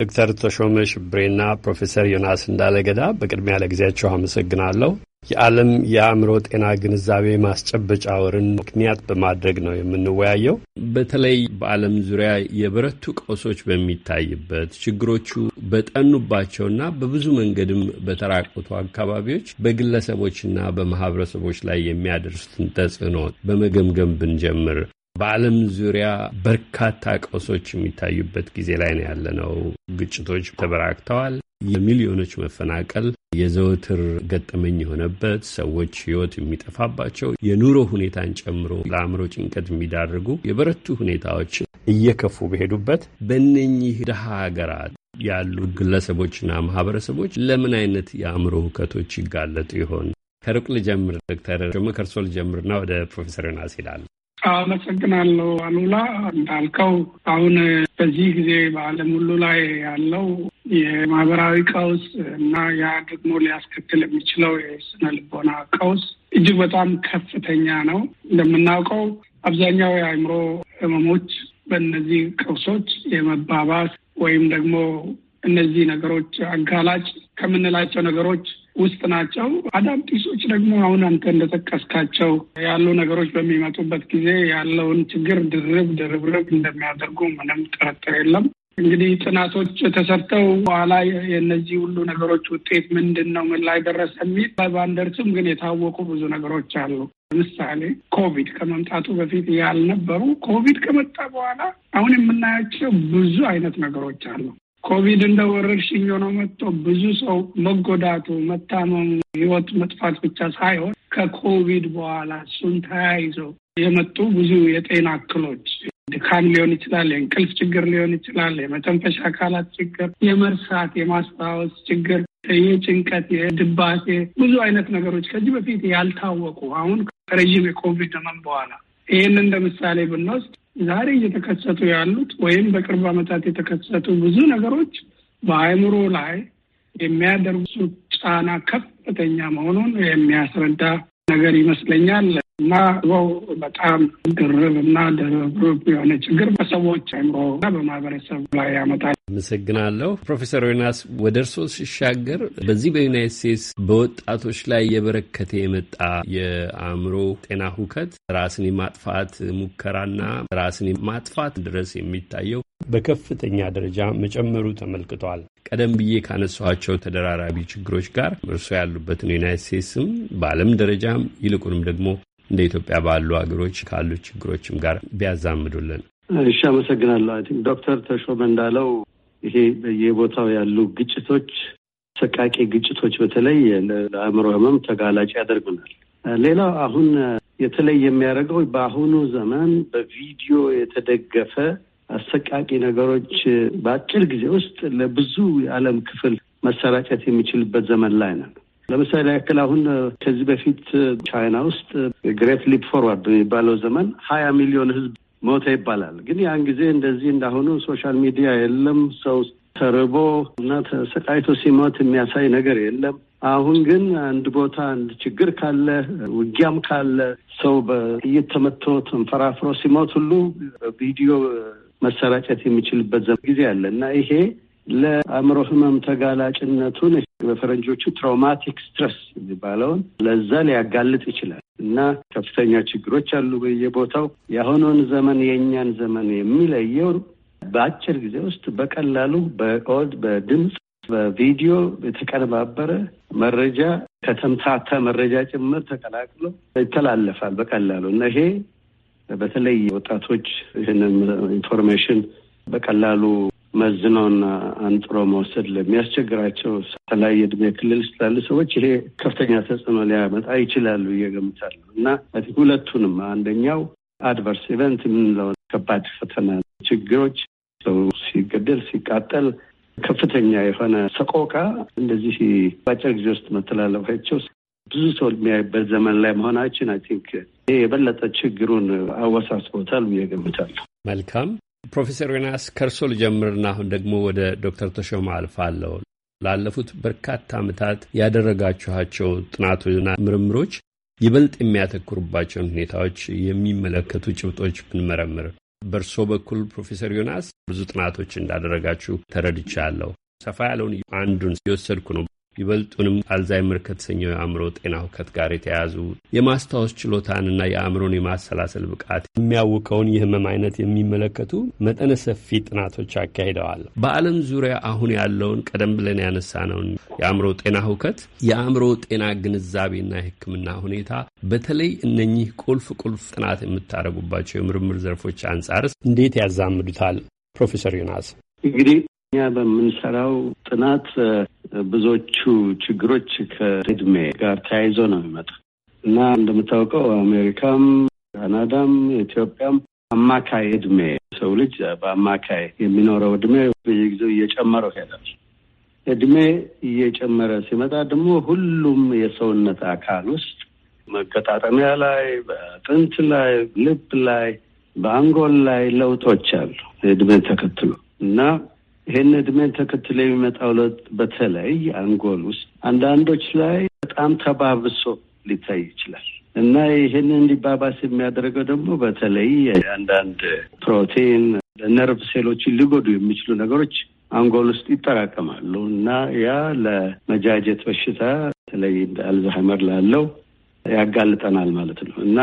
ዶክተር ተሾመ ሽብሬና ፕሮፌሰር ዮናስ እንዳለ ገዳ በቅድሚያ ለጊዜያቸው አመሰግናለሁ። የዓለም የአእምሮ ጤና ግንዛቤ ማስጨበጫ ወርን ምክንያት በማድረግ ነው የምንወያየው። በተለይ በዓለም ዙሪያ የበረቱ ቀውሶች በሚታይበት ችግሮቹ በጠኑባቸውና በብዙ መንገድም በተራቆቱ አካባቢዎች በግለሰቦችና በማህበረሰቦች ላይ የሚያደርሱትን ተጽዕኖ በመገምገም ብንጀምር በዓለም ዙሪያ በርካታ ቀውሶች የሚታዩበት ጊዜ ላይ ነው ያለነው። ግጭቶች ተበራክተዋል። የሚሊዮኖች መፈናቀል የዘወትር ገጠመኝ የሆነበት ሰዎች ሕይወት የሚጠፋባቸው የኑሮ ሁኔታን ጨምሮ ለአእምሮ ጭንቀት የሚዳርጉ የበረቱ ሁኔታዎች እየከፉ በሄዱበት በእነኚህ ድሃ ሀገራት ያሉ ግለሰቦችና ማህበረሰቦች ለምን አይነት የአእምሮ ሁከቶች ይጋለጡ ይሆን? ከሩቅ ልጀምር ዶክተር ጆመ ከርሶ ልጀምርና ወደ ፕሮፌሰር ዮናስ ይላል። አመሰግናለሁ አሉላ። እንዳልከው አሁን በዚህ ጊዜ በዓለም ሁሉ ላይ ያለው የማህበራዊ ቀውስ እና ያ ደግሞ ሊያስከትል የሚችለው የስነ ልቦና ቀውስ እጅግ በጣም ከፍተኛ ነው። እንደምናውቀው አብዛኛው የአእምሮ ህመሞች በእነዚህ ቀውሶች የመባባስ ወይም ደግሞ እነዚህ ነገሮች አጋላጭ ከምንላቸው ነገሮች ውስጥ ናቸው። አዳዲሶች ደግሞ አሁን አንተ እንደጠቀስካቸው ያሉ ነገሮች በሚመጡበት ጊዜ ያለውን ችግር ድርብ ድርብርብ እንደሚያደርጉ ምንም ጥርጥር የለም። እንግዲህ ጥናቶች ተሰርተው በኋላ የእነዚህ ሁሉ ነገሮች ውጤት ምንድን ነው፣ ምን ላይ ደረሰ የሚል ባንደርስም ግን የታወቁ ብዙ ነገሮች አሉ። ለምሳሌ ኮቪድ ከመምጣቱ በፊት ያልነበሩ፣ ኮቪድ ከመጣ በኋላ አሁን የምናያቸው ብዙ አይነት ነገሮች አሉ። ኮቪድ እንደ ወረርሽኝ ሆኖ መጥቶ ብዙ ሰው መጎዳቱ፣ መታመሙ፣ ህይወት መጥፋት ብቻ ሳይሆን ከኮቪድ በኋላ እሱን ተያይዘው የመጡ ብዙ የጤና እክሎች ድካም ሊሆን ይችላል፣ የእንቅልፍ ችግር ሊሆን ይችላል፣ የመተንፈሻ አካላት ችግር፣ የመርሳት የማስታወስ ችግር፣ የጭንቀት፣ የድባሴ ብዙ አይነት ነገሮች ከዚህ በፊት ያልታወቁ አሁን ከረዥም የኮቪድ ህመም በኋላ ይህን እንደ ምሳሌ ብንወስድ ዛሬ እየተከሰቱ ያሉት ወይም በቅርብ ዓመታት የተከሰቱ ብዙ ነገሮች በአእምሮ ላይ የሚያደርሱት ጫና ከፍተኛ መሆኑን የሚያስረዳ ነገር ይመስለኛል እና በጣም ድርብ እና ድርብ የሆነ ችግር በሰዎች አእምሮ እና በማህበረሰብ ላይ ያመጣል። አመሰግናለሁ ፕሮፌሰር ዮናስ ወደ እርስዎ ሲሻገር በዚህ በዩናይት ስቴትስ በወጣቶች ላይ የበረከተ የመጣ የአእምሮ ጤና ሁከት ራስን የማጥፋት ሙከራና ራስን የማጥፋት ድረስ የሚታየው በከፍተኛ ደረጃ መጨመሩ ተመልክቷል። ቀደም ብዬ ካነሷቸው ተደራራቢ ችግሮች ጋር እርሶ ያሉበትን ዩናይት ስቴትስም በዓለም ደረጃም ይልቁንም ደግሞ እንደ ኢትዮጵያ ባሉ ሀገሮች ካሉ ችግሮችም ጋር ቢያዛምዱልን። እሺ፣ አመሰግናለሁ። ዶክተር ተሾመ እንዳለው ይሄ በየቦታው ያሉ ግጭቶች፣ ሰቃቂ ግጭቶች በተለይ ለአእምሮ ህመም ተጋላጭ ያደርጉናል። ሌላው አሁን የተለይ የሚያደርገው በአሁኑ ዘመን በቪዲዮ የተደገፈ አሰቃቂ ነገሮች በአጭር ጊዜ ውስጥ ለብዙ የዓለም ክፍል መሰራጨት የሚችልበት ዘመን ላይ ነው። ለምሳሌ ያክል አሁን ከዚህ በፊት ቻይና ውስጥ ግሬት ሊፕ ፎርዋርድ የሚባለው ዘመን ሀያ ሚሊዮን ህዝብ ሞተ ይባላል። ግን ያን ጊዜ እንደዚህ እንዳሁኑ ሶሻል ሚዲያ የለም። ሰው ተርቦ እና ተሰቃይቶ ሲሞት የሚያሳይ ነገር የለም። አሁን ግን አንድ ቦታ አንድ ችግር ካለ ውጊያም ካለ ሰው በጥይት ተመቶ ተንፈራፍሮ ሲሞት ሁሉ ቪዲዮ መሰራጨት የሚችልበት ጊዜ አለ እና ይሄ ለአእምሮ ህመም ተጋላጭነቱን በፈረንጆቹ ትራውማቲክ ስትረስ የሚባለውን ለዛ ሊያጋልጥ ይችላል እና ከፍተኛ ችግሮች አሉ በየቦታው። የአሁኑን ዘመን የእኛን ዘመን የሚለየው በአጭር ጊዜ ውስጥ በቀላሉ በኦድ በድምፅ በቪዲዮ የተቀነባበረ መረጃ ከተምታታ መረጃ ጭምር ተቀላቅሎ ይተላለፋል በቀላሉ እና ይሄ በተለይ ወጣቶች ይህንን ኢንፎርሜሽን በቀላሉ መዝኖና አንጥሮ መውሰድ ለሚያስቸግራቸው ተለያየ እድሜ ክልል ስላሉ ሰዎች ይሄ ከፍተኛ ተጽዕኖ ሊያመጣ ይችላሉ እየገምታሉ እና ሁለቱንም አንደኛው አድቨርስ ኢቨንት የምንለው ከባድ ፈተና ችግሮች፣ ሰው ሲገደል፣ ሲቃጠል ከፍተኛ የሆነ ሰቆቃ እንደዚህ በአጭር ጊዜ ውስጥ መተላለፋቸው ብዙ ሰው የሚያይበት ዘመን ላይ መሆናችን አይ ቲንክ ይሄ የበለጠ ችግሩን አወሳስቦታል ብዬ እገምታለሁ። መልካም ፕሮፌሰር ዮናስ ከእርሶ ልጀምርና አሁን ደግሞ ወደ ዶክተር አልፍ አልፋለሁ። ላለፉት በርካታ ዓመታት ያደረጋችኋቸው ጥናቶና ምርምሮች ይበልጥ የሚያተኩሩባቸውን ሁኔታዎች የሚመለከቱ ጭብጦች ብንመረምር፣ በእርሶ በኩል ፕሮፌሰር ዮናስ ብዙ ጥናቶች እንዳደረጋችሁ ተረድቻለሁ። ሰፋ ያለውን አንዱን የወሰድኩ ነው። ይበልጡንም አልዛይምር ከተሰኘው የአእምሮ ጤና ሁከት ጋር የተያያዙ የማስታወስ ችሎታንና የአእምሮን የማሰላሰል ብቃት የሚያውቀውን የህመም አይነት የሚመለከቱ መጠነ ሰፊ ጥናቶች አካሂደዋል። በዓለም ዙሪያ አሁን ያለውን ቀደም ብለን ያነሳነውን የአእምሮ ጤና ሁከት፣ የአእምሮ ጤና ግንዛቤና የህክምና ሁኔታ በተለይ እነኚህ ቁልፍ ቁልፍ ጥናት የምታደርጉባቸው የምርምር ዘርፎች አንጻርስ እንዴት ያዛምዱታል? ፕሮፌሰር ዮናስ እንግዲህ እኛ በምንሰራው ጥናት ብዙዎቹ ችግሮች ከእድሜ ጋር ተያይዞ ነው የሚመጣ እና እንደምታውቀው አሜሪካም፣ ካናዳም፣ ኢትዮጵያም አማካይ እድሜ ሰው ልጅ በአማካይ የሚኖረው እድሜ በየጊዜው እየጨመረው ሄዳል። እድሜ እየጨመረ ሲመጣ ደግሞ ሁሉም የሰውነት አካል ውስጥ መገጣጠሚያ ላይ፣ በጥንት ላይ፣ ልብ ላይ፣ በአንጎል ላይ ለውጦች አሉ እድሜ ተከትሎ እና ይህን እድሜን ተከትሎ የሚመጣው ለውጥ በተለይ አንጎል ውስጥ አንዳንዶች ላይ በጣም ተባብሶ ሊታይ ይችላል እና ይህንን እንዲባባስ የሚያደርገው ደግሞ በተለይ አንዳንድ ፕሮቲን ለነርቭ ሴሎችን ሊጎዱ የሚችሉ ነገሮች አንጎል ውስጥ ይጠራቀማሉ እና ያ ለመጃጀት በሽታ በተለይ እንደ አልዛሃይመር ላለው ያጋልጠናል ማለት ነው እና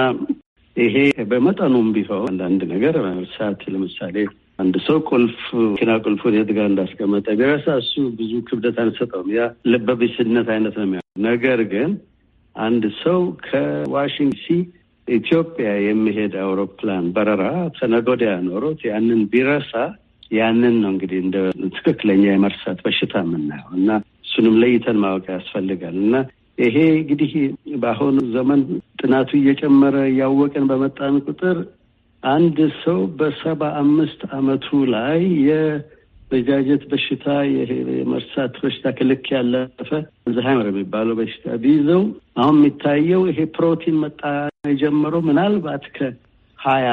ይሄ በመጠኑም ቢሆን አንዳንድ ነገር መርሳት ለምሳሌ አንድ ሰው ቁልፍ መኪና ቁልፉን የት ጋር እንዳስቀመጠ ቢረሳ እሱ ብዙ ክብደት አንሰጠውም። ያ ልበቢስነት አይነት ነው የሚያ ነገር ግን አንድ ሰው ከዋሽንግተን ዲሲ ኢትዮጵያ የሚሄድ አውሮፕላን በረራ ሰነጎዳያ ኖሮት ያንን ቢረሳ ያንን ነው እንግዲህ እንደ ትክክለኛ የመርሳት በሽታ የምናየው እና እሱንም ለይተን ማወቅ ያስፈልጋል እና ይሄ እንግዲህ በአሁኑ ዘመን ጥናቱ እየጨመረ እያወቀን በመጣን ቁጥር አንድ ሰው በሰባ አምስት አመቱ ላይ የበጃጀት በሽታ የመርሳት በሽታ ከልክ ያለፈ አልዛሃይመር የሚባለው በሽታ ቢይዘው አሁን የሚታየው ይሄ ፕሮቲን መጣ የጀመረው ምናልባት ከሀያ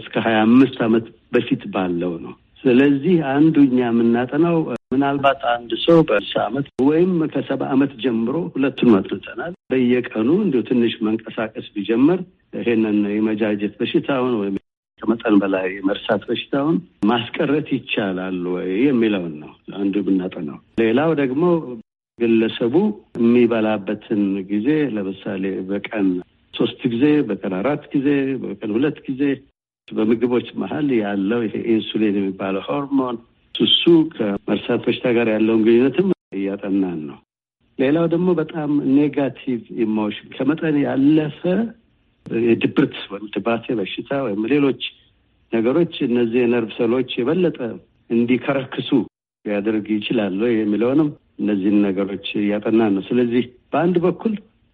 እስከ ሀያ አምስት አመት በፊት ባለው ነው። ስለዚህ አንዱ እኛ የምናጠናው ምናልባት አንድ ሰው በስልሳ አመት ወይም ከሰባ አመት ጀምሮ ሁለቱን መጥንተናል። በየቀኑ እንዲሁ ትንሽ መንቀሳቀስ ቢጀምር ይሄንን የመጃጀት በሽታውን ወይም ከመጠን በላይ መርሳት በሽታውን ማስቀረት ይቻላል ወይ የሚለውን ነው አንዱ ብናጠናው። ሌላው ደግሞ ግለሰቡ የሚበላበትን ጊዜ ለምሳሌ በቀን ሶስት ጊዜ፣ በቀን አራት ጊዜ፣ በቀን ሁለት ጊዜ በምግቦች መሀል ያለው ይሄ ኢንሱሊን የሚባለው ሆርሞን እሱ ከመርሳት በሽታ ጋር ያለውን ግንኙነትም እያጠናን ነው። ሌላው ደግሞ በጣም ኔጋቲቭ ኢሞሽን ከመጠን ያለፈ የድብርት ወይም ድባቴ በሽታ ወይም ሌሎች ነገሮች እነዚህ የነርቭ ሰሎች የበለጠ እንዲከረክሱ ሊያደርግ ይችላል የሚለውንም እነዚህን ነገሮች እያጠናን ነው። ስለዚህ በአንድ በኩል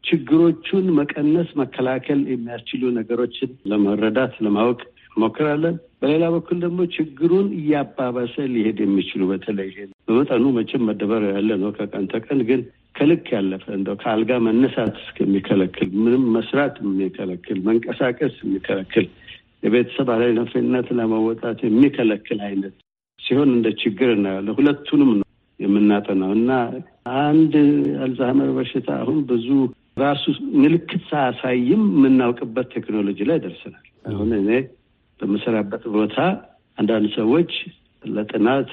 ችግሮቹን መቀነስ፣ መከላከል የሚያስችሉ ነገሮችን ለመረዳት ለማወቅ እንሞክራለን። በሌላ በኩል ደግሞ ችግሩን እያባባሰ ሊሄድ የሚችሉ በተለይ በመጠኑ መቼም መደበር ያለ ነው ከቀን ተቀን ግን ከልክ ያለፈ እንደው ከአልጋ መነሳት የሚከለክል ምንም መስራት የሚከለክል መንቀሳቀስ የሚከለክል የቤተሰብ ኃላፊነት ለመወጣት የሚከለክል አይነት ሲሆን እንደ ችግር እናያለን። ሁለቱንም ነው የምናጠናው እና አንድ አልዛይመር በሽታ አሁን ብዙ ራሱ ምልክት ሳያሳይም የምናውቅበት ቴክኖሎጂ ላይ ደርሰናል። አሁን እኔ በምሰራበት ቦታ አንዳንድ ሰዎች ለጥናት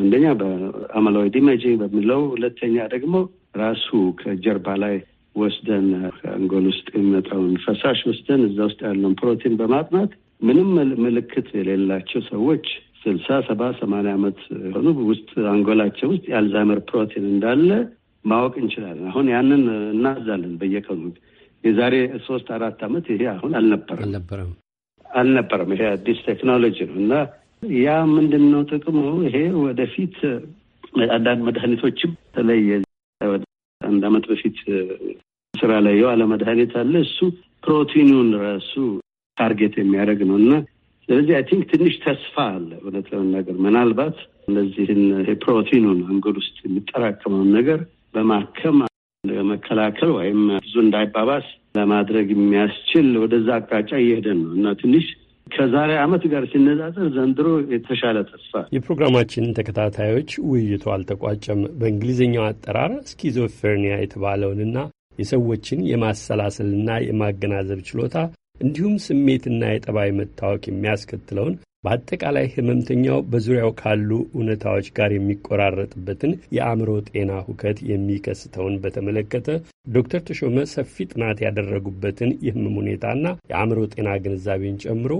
አንደኛ በአመላዊድ ኢሜጂንግ በሚለው፣ ሁለተኛ ደግሞ ራሱ ከጀርባ ላይ ወስደን ከአንጎል ውስጥ የሚመጣውን ፈሳሽ ወስደን እዛ ውስጥ ያለውን ፕሮቲን በማጥናት ምንም ምልክት የሌላቸው ሰዎች ስልሳ ሰባ ሰማንያ ዓመት የሆኑ ውስጥ አንጎላቸው ውስጥ የአልዛይመር ፕሮቲን እንዳለ ማወቅ እንችላለን። አሁን ያንን እናዛለን በየቀኑ። የዛሬ ሶስት አራት ዓመት ይሄ አሁን አልነበረም አልነበረም። ይሄ አዲስ ቴክኖሎጂ ነው እና ያ ምንድን ነው ጥቅሙ? ይሄ ወደፊት አንዳንድ መድኃኒቶችም ተለየ አንድ አመት በፊት ስራ ላይ የዋለ መድኃኒት አለ። እሱ ፕሮቲኑን ራሱ ታርጌት የሚያደርግ ነው እና ስለዚህ አይ ቲንክ ትንሽ ተስፋ አለ። እውነት ለመናገር ምናልባት እነዚህን ፕሮቲኑን አንጎል ውስጥ የሚጠራቀመውን ነገር በማከም ለመከላከል ወይም ብዙ እንዳይባባስ ለማድረግ የሚያስችል ወደዛ አቅጣጫ እየሄደን ነው እና ትንሽ ከዛሬ ዓመት ጋር ሲነጻጸር ዘንድሮ የተሻለ ተስፋ። የፕሮግራማችን ተከታታዮች ውይይቱ አልተቋጨም። በእንግሊዝኛው አጠራር ስኪዞፍሬኒያ የተባለውንና የሰዎችን የማሰላሰልና የማገናዘብ ችሎታ እንዲሁም ስሜትና የጠባይ መታወክ የሚያስከትለውን በአጠቃላይ ህመምተኛው በዙሪያው ካሉ እውነታዎች ጋር የሚቆራረጥበትን የአእምሮ ጤና ሁከት የሚከስተውን በተመለከተ ዶክተር ተሾመ ሰፊ ጥናት ያደረጉበትን የህመም ሁኔታና የአእምሮ ጤና ግንዛቤን ጨምሮ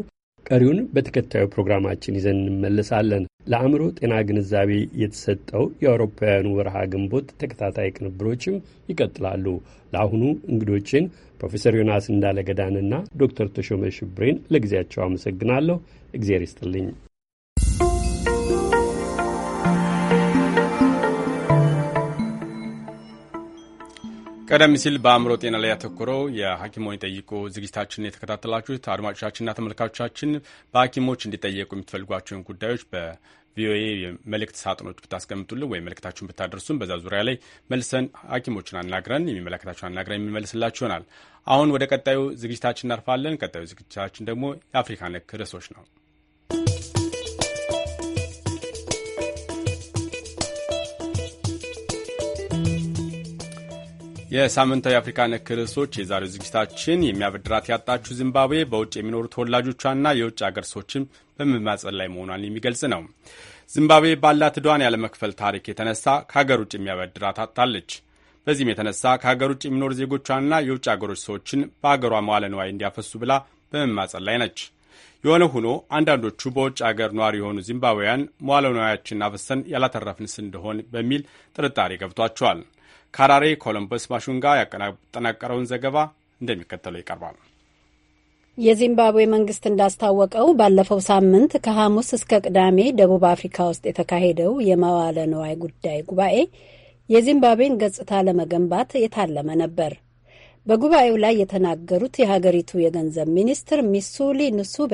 ቀሪውን በተከታዩ ፕሮግራማችን ይዘን እንመለሳለን። ለአእምሮ ጤና ግንዛቤ የተሰጠው የአውሮፓውያኑ ወርሃ ግንቦት ተከታታይ ቅንብሮችም ይቀጥላሉ። ለአሁኑ እንግዶችን ፕሮፌሰር ዮናስ እንዳለገዳንና ዶክተር ተሾመ ሽብሬን ለጊዜያቸው አመሰግናለሁ። እግዜር ይስጥልኝ። ቀደም ሲል በአእምሮ ጤና ላይ ያተኮረው የሐኪሞን ይጠይቁ ዝግጅታችንን የተከታተላችሁት አድማጮቻችንና ተመልካቾቻችን በሐኪሞች እንዲጠየቁ የሚትፈልጓቸውን ጉዳዮች በቪኦኤ የመልእክት ሳጥኖች ብታስቀምጡልን ወይም መልእክታችሁን ብታደርሱን በዛ ዙሪያ ላይ መልሰን ሐኪሞችን አናግረን የሚመለከታቸውን አናግረን የሚመልስላችሁ ይሆናል። አሁን ወደ ቀጣዩ ዝግጅታችን እናርፋለን ቀጣዩ ዝግጅታችን ደግሞ የአፍሪካ ነክ ርዕሶች ነው። የሳምንታዊ የአፍሪካ ነክ ርዕሶች የዛሬው ዝግጅታችን የሚያበድራት ያጣችው ዚምባብዌ በውጭ የሚኖሩ ተወላጆቿና የውጭ አገር ሰዎችን በመማጸን ላይ መሆኗን የሚገልጽ ነው። ዚምባብዌ ባላት ዕዳዋን ያለመክፈል ታሪክ የተነሳ ከሀገር ውጭ የሚያበድራት አጥታለች። በዚህም የተነሳ ከሀገር ውጭ የሚኖሩ ዜጎቿና የውጭ አገሮች ሰዎችን በሀገሯ መዋለ ንዋይ እንዲያፈሱ ብላ በመማጸን ላይ ነች። የሆነ ሆኖ አንዳንዶቹ በውጭ አገር ነዋሪ የሆኑ ዚምባብያን መዋለ ንዋያችን አፈሰን ያላተረፍንስ እንደሆን በሚል ጥርጣሬ ገብቷቸዋል። ካራሬ ኮሎምበስ ባሹንጋ ያጠናቀረውን ዘገባ እንደሚከተለው ይቀርባል። የዚምባብዌ መንግስት እንዳስታወቀው ባለፈው ሳምንት ከሐሙስ እስከ ቅዳሜ ደቡብ አፍሪካ ውስጥ የተካሄደው የመዋለ ነዋይ ጉዳይ ጉባኤ የዚምባብዌን ገጽታ ለመገንባት የታለመ ነበር። በጉባኤው ላይ የተናገሩት የሀገሪቱ የገንዘብ ሚኒስትር ሚሱሊ ንሱቤ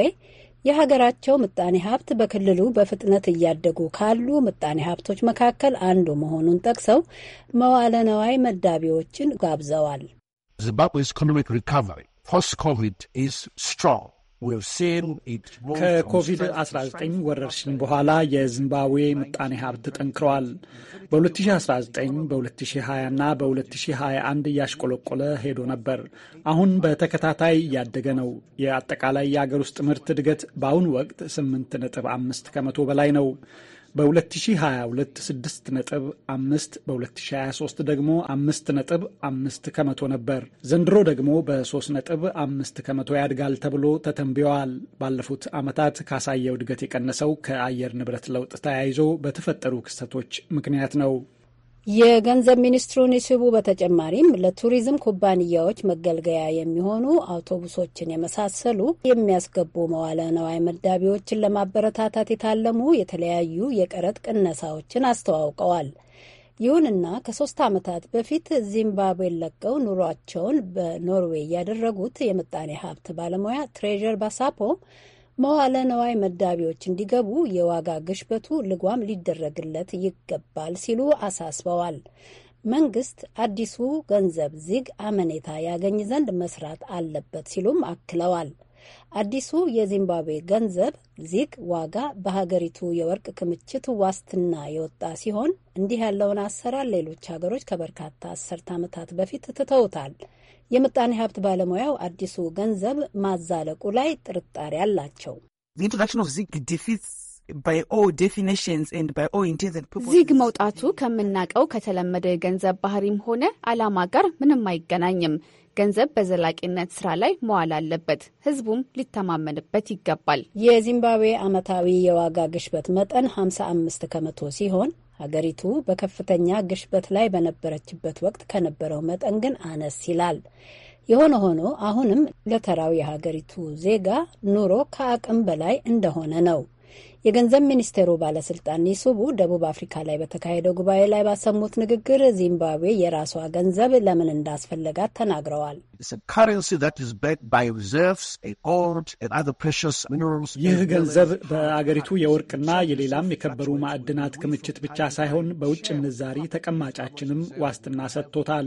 የሀገራቸው ምጣኔ ሀብት በክልሉ በፍጥነት እያደጉ ካሉ ምጣኔ ሀብቶች መካከል አንዱ መሆኑን ጠቅሰው መዋለ ነዋይ መዳቢዎችን ጋብዘዋል። ከኮቪድ-19 ወረርሽኝ በኋላ የዚምባብዌ ምጣኔ ሀብት ጠንክረዋል። በ2019 በ2020 እና በ2021 እያሽቆለቆለ ሄዶ ነበር። አሁን በተከታታይ እያደገ ነው። የአጠቃላይ የአገር ውስጥ ምርት እድገት በአሁኑ ወቅት 8.5 ከመቶ በላይ ነው። በ2022 6 ነጥብ 5 በ2023 ደግሞ 5 ነጥብ 5 ከመቶ ነበር። ዘንድሮ ደግሞ በ3 ነጥብ 5 ከመቶ ያድጋል ተብሎ ተተንብየዋል። ባለፉት ዓመታት ካሳየው እድገት የቀነሰው ከአየር ንብረት ለውጥ ተያይዞ በተፈጠሩ ክስተቶች ምክንያት ነው። የገንዘብ ሚኒስትሩ ይስቡ። በተጨማሪም ለቱሪዝም ኩባንያዎች መገልገያ የሚሆኑ አውቶቡሶችን የመሳሰሉ የሚያስገቡ መዋለ ነዋይ መዳቢዎችን ለማበረታታት የታለሙ የተለያዩ የቀረጥ ቅነሳዎችን አስተዋውቀዋል። ይሁንና ከሶስት ዓመታት በፊት ዚምባብዌን ለቀው ኑሯቸውን በኖርዌይ ያደረጉት የምጣኔ ሀብት ባለሙያ ትሬዠር ባሳፖ መዋለ ነዋይ መዳቢዎች እንዲገቡ የዋጋ ግሽበቱ ልጓም ሊደረግለት ይገባል ሲሉ አሳስበዋል። መንግስት አዲሱ ገንዘብ ዚግ አመኔታ ያገኝ ዘንድ መስራት አለበት ሲሉም አክለዋል። አዲሱ የዚምባብዌ ገንዘብ ዚግ ዋጋ በሀገሪቱ የወርቅ ክምችት ዋስትና የወጣ ሲሆን እንዲህ ያለውን አሰራር ሌሎች ሀገሮች ከበርካታ አስርት ዓመታት በፊት ትተውታል። የምጣኔ ሀብት ባለሙያው አዲሱ ገንዘብ ማዛለቁ ላይ ጥርጣሬ አላቸው። ዚግ መውጣቱ ከምናውቀው ከተለመደ የገንዘብ ባህሪም ሆነ ዓላማ ጋር ምንም አይገናኝም። ገንዘብ በዘላቂነት ስራ ላይ መዋል አለበት፣ ህዝቡም ሊተማመንበት ይገባል። የዚምባብዌ አመታዊ የዋጋ ግሽበት መጠን 55 ከመቶ ሲሆን ሀገሪቱ በከፍተኛ ግሽበት ላይ በነበረችበት ወቅት ከነበረው መጠን ግን አነስ ይላል። የሆነ ሆኖ አሁንም ለተራው የሀገሪቱ ዜጋ ኑሮ ከአቅም በላይ እንደሆነ ነው የገንዘብ ሚኒስቴሩ ባለስልጣን ኒሱቡ ደቡብ አፍሪካ ላይ በተካሄደው ጉባኤ ላይ ባሰሙት ንግግር ዚምባብዌ የራሷ ገንዘብ ለምን እንዳስፈለጋት ተናግረዋል። ይህ ገንዘብ በአገሪቱ የወርቅና የሌላም የከበሩ ማዕድናት ክምችት ብቻ ሳይሆን በውጭ ምንዛሪ ተቀማጫችንም ዋስትና ሰጥቶታል።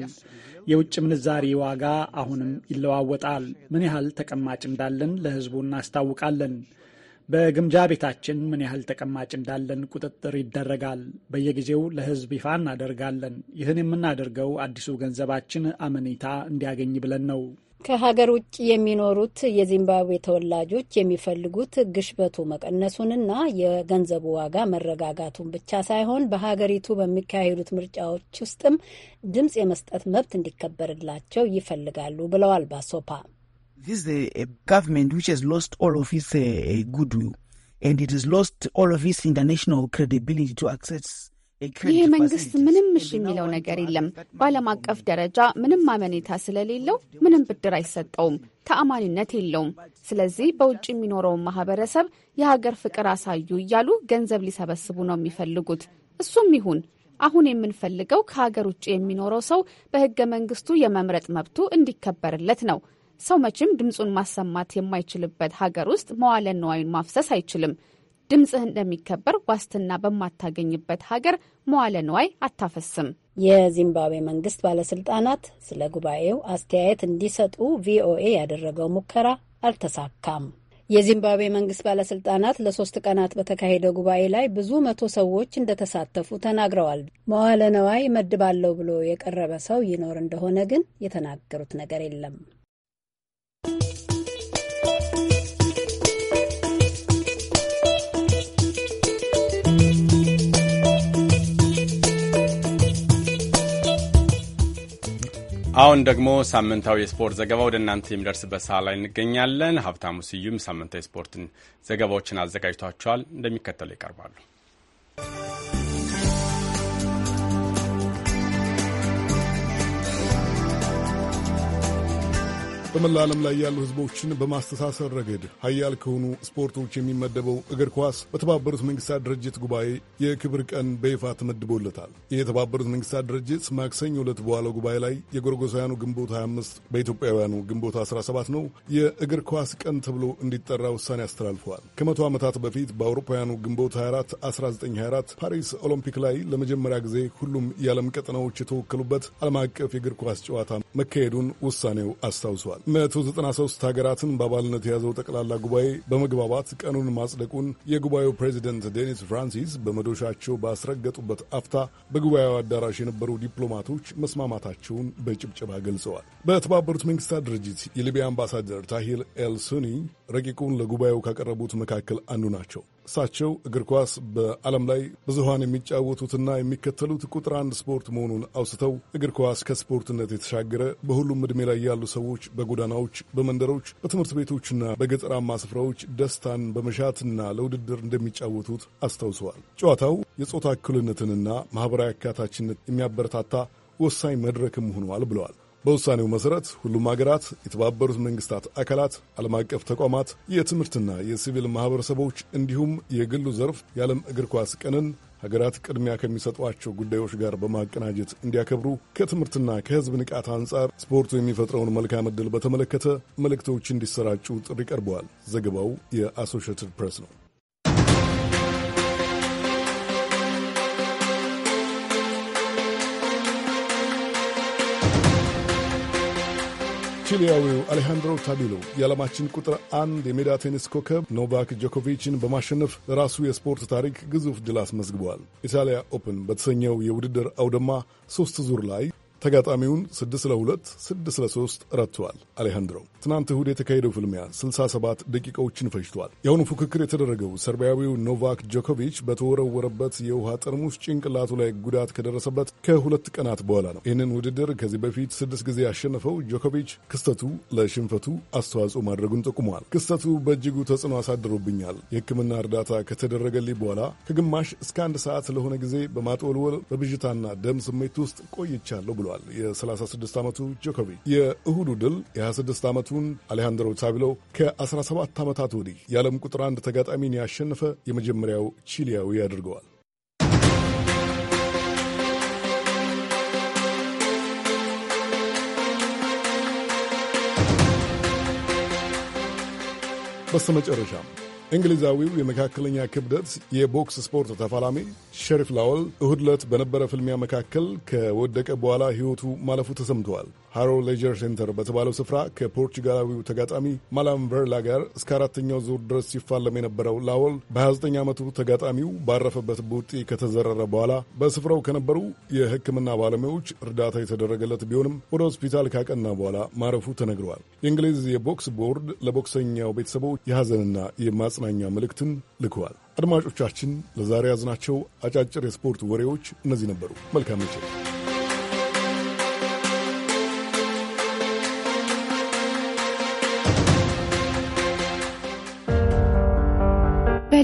የውጭ ምንዛሪ ዋጋ አሁንም ይለዋወጣል። ምን ያህል ተቀማጭ እንዳለን ለሕዝቡ እናስታውቃለን። በግምጃ ቤታችን ምን ያህል ተቀማጭ እንዳለን ቁጥጥር ይደረጋል። በየጊዜው ለሕዝብ ይፋ እናደርጋለን። ይህን የምናደርገው አዲሱ ገንዘባችን አመኔታ እንዲያገኝ ብለን ነው። ከሀገር ውጭ የሚኖሩት የዚምባብዌ ተወላጆች የሚፈልጉት ግሽበቱ መቀነሱንና የገንዘቡ ዋጋ መረጋጋቱን ብቻ ሳይሆን በሀገሪቱ በሚካሄዱት ምርጫዎች ውስጥም ድምፅ የመስጠት መብት እንዲከበርላቸው ይፈልጋሉ ብለዋል ባሶፓ። this is a, a eh, government which has lost all of its uh, goodwill and it has lost all of its international credibility to access ይህ መንግስት ምንም እሺ የሚለው ነገር የለም። በዓለም አቀፍ ደረጃ ምንም አመኔታ ስለሌለው ምንም ብድር አይሰጠውም፣ ተአማኒነት የለውም። ስለዚህ በውጭ የሚኖረውን ማህበረሰብ የሀገር ፍቅር አሳዩ እያሉ ገንዘብ ሊሰበስቡ ነው የሚፈልጉት። እሱም ይሁን አሁን የምንፈልገው ከሀገር ውጭ የሚኖረው ሰው በህገ መንግስቱ የመምረጥ መብቱ እንዲከበርለት ነው። ሰው መቼም ድምፁን ማሰማት የማይችልበት ሀገር ውስጥ መዋለ ንዋይን ማፍሰስ አይችልም። ድምፅህ እንደሚከበር ዋስትና በማታገኝበት ሀገር መዋለ ንዋይ አታፈስም። የዚምባብዌ መንግስት ባለስልጣናት ስለ ጉባኤው አስተያየት እንዲሰጡ ቪኦኤ ያደረገው ሙከራ አልተሳካም። የዚምባብዌ መንግስት ባለስልጣናት ለሶስት ቀናት በተካሄደው ጉባኤ ላይ ብዙ መቶ ሰዎች እንደተሳተፉ ተናግረዋል። መዋለ ነዋይ መድባለው ብሎ የቀረበ ሰው ይኖር እንደሆነ ግን የተናገሩት ነገር የለም። አሁን ደግሞ ሳምንታዊ የስፖርት ዘገባ ወደ እናንተ የሚደርስበት ሰዓት ላይ እንገኛለን። ሀብታሙ ስዩም ሳምንታዊ ስፖርትን ዘገባዎችን አዘጋጅቷቸዋል፣ እንደሚከተለው ይቀርባሉ። በመላ ዓለም ላይ ያሉ ህዝቦችን በማስተሳሰር ረገድ ሀያል ከሆኑ ስፖርቶች የሚመደበው እግር ኳስ በተባበሩት መንግስታት ድርጅት ጉባኤ የክብር ቀን በይፋ ተመድቦለታል። የተባበሩት መንግስታት ድርጅት ማክሰኞ ዕለት በዋለው ጉባኤ ላይ የጎርጎሳውያኑ ግንቦት 25 በኢትዮጵያውያኑ ግንቦት 17 ነው የእግር ኳስ ቀን ተብሎ እንዲጠራ ውሳኔ አስተላልፈዋል። ከመቶ ዓመታት በፊት በአውሮፓውያኑ ግንቦት 24 1924 ፓሪስ ኦሎምፒክ ላይ ለመጀመሪያ ጊዜ ሁሉም የዓለም ቀጠናዎች የተወከሉበት ዓለም አቀፍ የእግር ኳስ ጨዋታ መካሄዱን ውሳኔው አስታውሷል። 193 ሀገራትን በአባልነት የያዘው ጠቅላላ ጉባኤ በመግባባት ቀኑን ማጽደቁን የጉባኤው ፕሬዚደንት ዴኒስ ፍራንሲስ በመዶሻቸው ባስረገጡበት አፍታ በጉባኤው አዳራሽ የነበሩ ዲፕሎማቶች መስማማታቸውን በጭብጨባ ገልጸዋል። በተባበሩት መንግስታት ድርጅት የሊቢያ አምባሳደር ታሂል ኤልሱኒ ረቂቁን ለጉባኤው ካቀረቡት መካከል አንዱ ናቸው። እሳቸው እግር ኳስ በዓለም ላይ ብዙሃን የሚጫወቱትና የሚከተሉት ቁጥር አንድ ስፖርት መሆኑን አውስተው እግር ኳስ ከስፖርትነት የተሻገረ በሁሉም ዕድሜ ላይ ያሉ ሰዎች በጎዳናዎች፣ በመንደሮች፣ በትምህርት ቤቶችና በገጠራማ ስፍራዎች ደስታን በመሻትና ለውድድር እንደሚጫወቱት አስታውሰዋል። ጨዋታው የጾታ እኩልነትንና ማኅበራዊ አካታችነት የሚያበረታታ ወሳኝ መድረክም ሆነዋል ብለዋል። በውሳኔው መሠረት ሁሉም ሀገራት፣ የተባበሩት መንግስታት አካላት፣ ዓለም አቀፍ ተቋማት፣ የትምህርትና የሲቪል ማኅበረሰቦች እንዲሁም የግሉ ዘርፍ የዓለም እግር ኳስ ቀንን ሀገራት ቅድሚያ ከሚሰጧቸው ጉዳዮች ጋር በማቀናጀት እንዲያከብሩ ከትምህርትና ከሕዝብ ንቃት አንጻር ስፖርቱ የሚፈጥረውን መልካም ዕድል በተመለከተ መልእክቶች እንዲሰራጩ ጥሪ ቀርበዋል። ዘገባው የአሶሺየትድ ፕሬስ ነው። ብራዚሊያዊው አሌሃንድሮ ታቢሎ የዓለማችን ቁጥር አንድ የሜዳ ቴኒስ ኮከብ ኖቫክ ጆኮቪችን በማሸነፍ ለራሱ የስፖርት ታሪክ ግዙፍ ድል አስመዝግቧል። ኢታሊያ ኦፕን በተሰኘው የውድድር አውደማ ሦስት ዙር ላይ ተጋጣሚውን 6 ለ2፣ 6 ለ3 ረትተዋል። አሌሃንድሮ ትናንት እሁድ የተካሄደው ፍልሚያ 67 ደቂቃዎችን ፈጅቷል። የአሁኑ ፉክክር የተደረገው ሰርቢያዊው ኖቫክ ጆኮቪች በተወረወረበት የውሃ ጠርሙስ ጭንቅላቱ ላይ ጉዳት ከደረሰበት ከሁለት ቀናት በኋላ ነው። ይህንን ውድድር ከዚህ በፊት ስድስት ጊዜ ያሸነፈው ጆኮቪች ክስተቱ ለሽንፈቱ አስተዋጽኦ ማድረጉን ጠቁመዋል። ክስተቱ በእጅጉ ተጽዕኖ አሳድሮብኛል። የሕክምና እርዳታ ከተደረገልኝ በኋላ ከግማሽ እስከ አንድ ሰዓት ለሆነ ጊዜ በማጥወልወል በብዥታና ደም ስሜት ውስጥ ቆይቻለሁ ብሏል የ36 ዓመቱ ጆኮቪች። የእሁዱ ድል የ26 ዓመቱ ራሱን አሌሃንድሮ ታብለው ከ17 ዓመታት ወዲህ የዓለም ቁጥር አንድ ተጋጣሚን ያሸነፈ የመጀመሪያው ቺሊያዊ አድርገዋል። በስተመጨረሻም እንግሊዛዊው የመካከለኛ ክብደት የቦክስ ስፖርት ተፋላሚ ሸሪፍ ላወል እሁድ ዕለት በነበረ ፍልሚያ መካከል ከወደቀ በኋላ ሕይወቱ ማለፉ ተሰምተዋል። ሃሮ ሌጀር ሴንተር በተባለው ስፍራ ከፖርቹጋላዊው ተጋጣሚ ማላም ቨርላ ጋር እስከ አራተኛው ዙር ድረስ ሲፋለም የነበረው ላወል በ29 ዓመቱ ተጋጣሚው ባረፈበት ቡጢ ከተዘረረ በኋላ በስፍራው ከነበሩ የሕክምና ባለሙያዎች እርዳታ የተደረገለት ቢሆንም ወደ ሆስፒታል ካቀና በኋላ ማረፉ ተነግረዋል። የእንግሊዝ የቦክስ ቦርድ ለቦክሰኛው ቤተሰቦች የሐዘንና የማጽናኛ መልእክትን ልከዋል። አድማጮቻችን ለዛሬ ያዝናቸው አጫጭር የስፖርት ወሬዎች እነዚህ ነበሩ። መልካም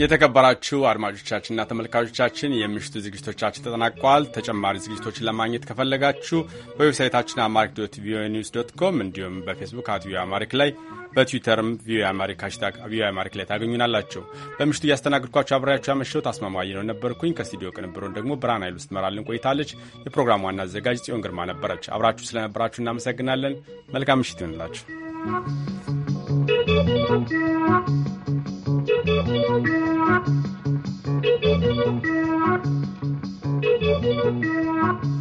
የተከበራችሁ አድማጮቻችንና ተመልካቾቻችን የምሽቱ ዝግጅቶቻችን ተጠናቀዋል። ተጨማሪ ዝግጅቶችን ለማግኘት ከፈለጋችሁ በዌብሳይታችን አማሪክ ዶት ቪኦኤ ኒውስ ዶት ኮም እንዲሁም በፌስቡክ አት ቪኦኤ አማሪክ ላይ በትዊተርም ቪኦኤ አማሪክ ሃሽታግ ቪኦኤ አማሪክ ላይ ታገኙናላችሁ። በምሽቱ እያስተናግድኳችሁ አብሬያችሁ ያመሸሁት አስማማ ነው ነበርኩኝ። ከስቱዲዮ ቅንብሩን ደግሞ ብርሃን ኃይሉ ስትመራልን ቆይታለች። የፕሮግራሙ ዋና አዘጋጅ ጽዮን ግርማ ነበረች። አብራችሁ ስለነበራችሁ እናመሰግናለን። መልካም ምሽት ይሆንላችሁ። Thank you.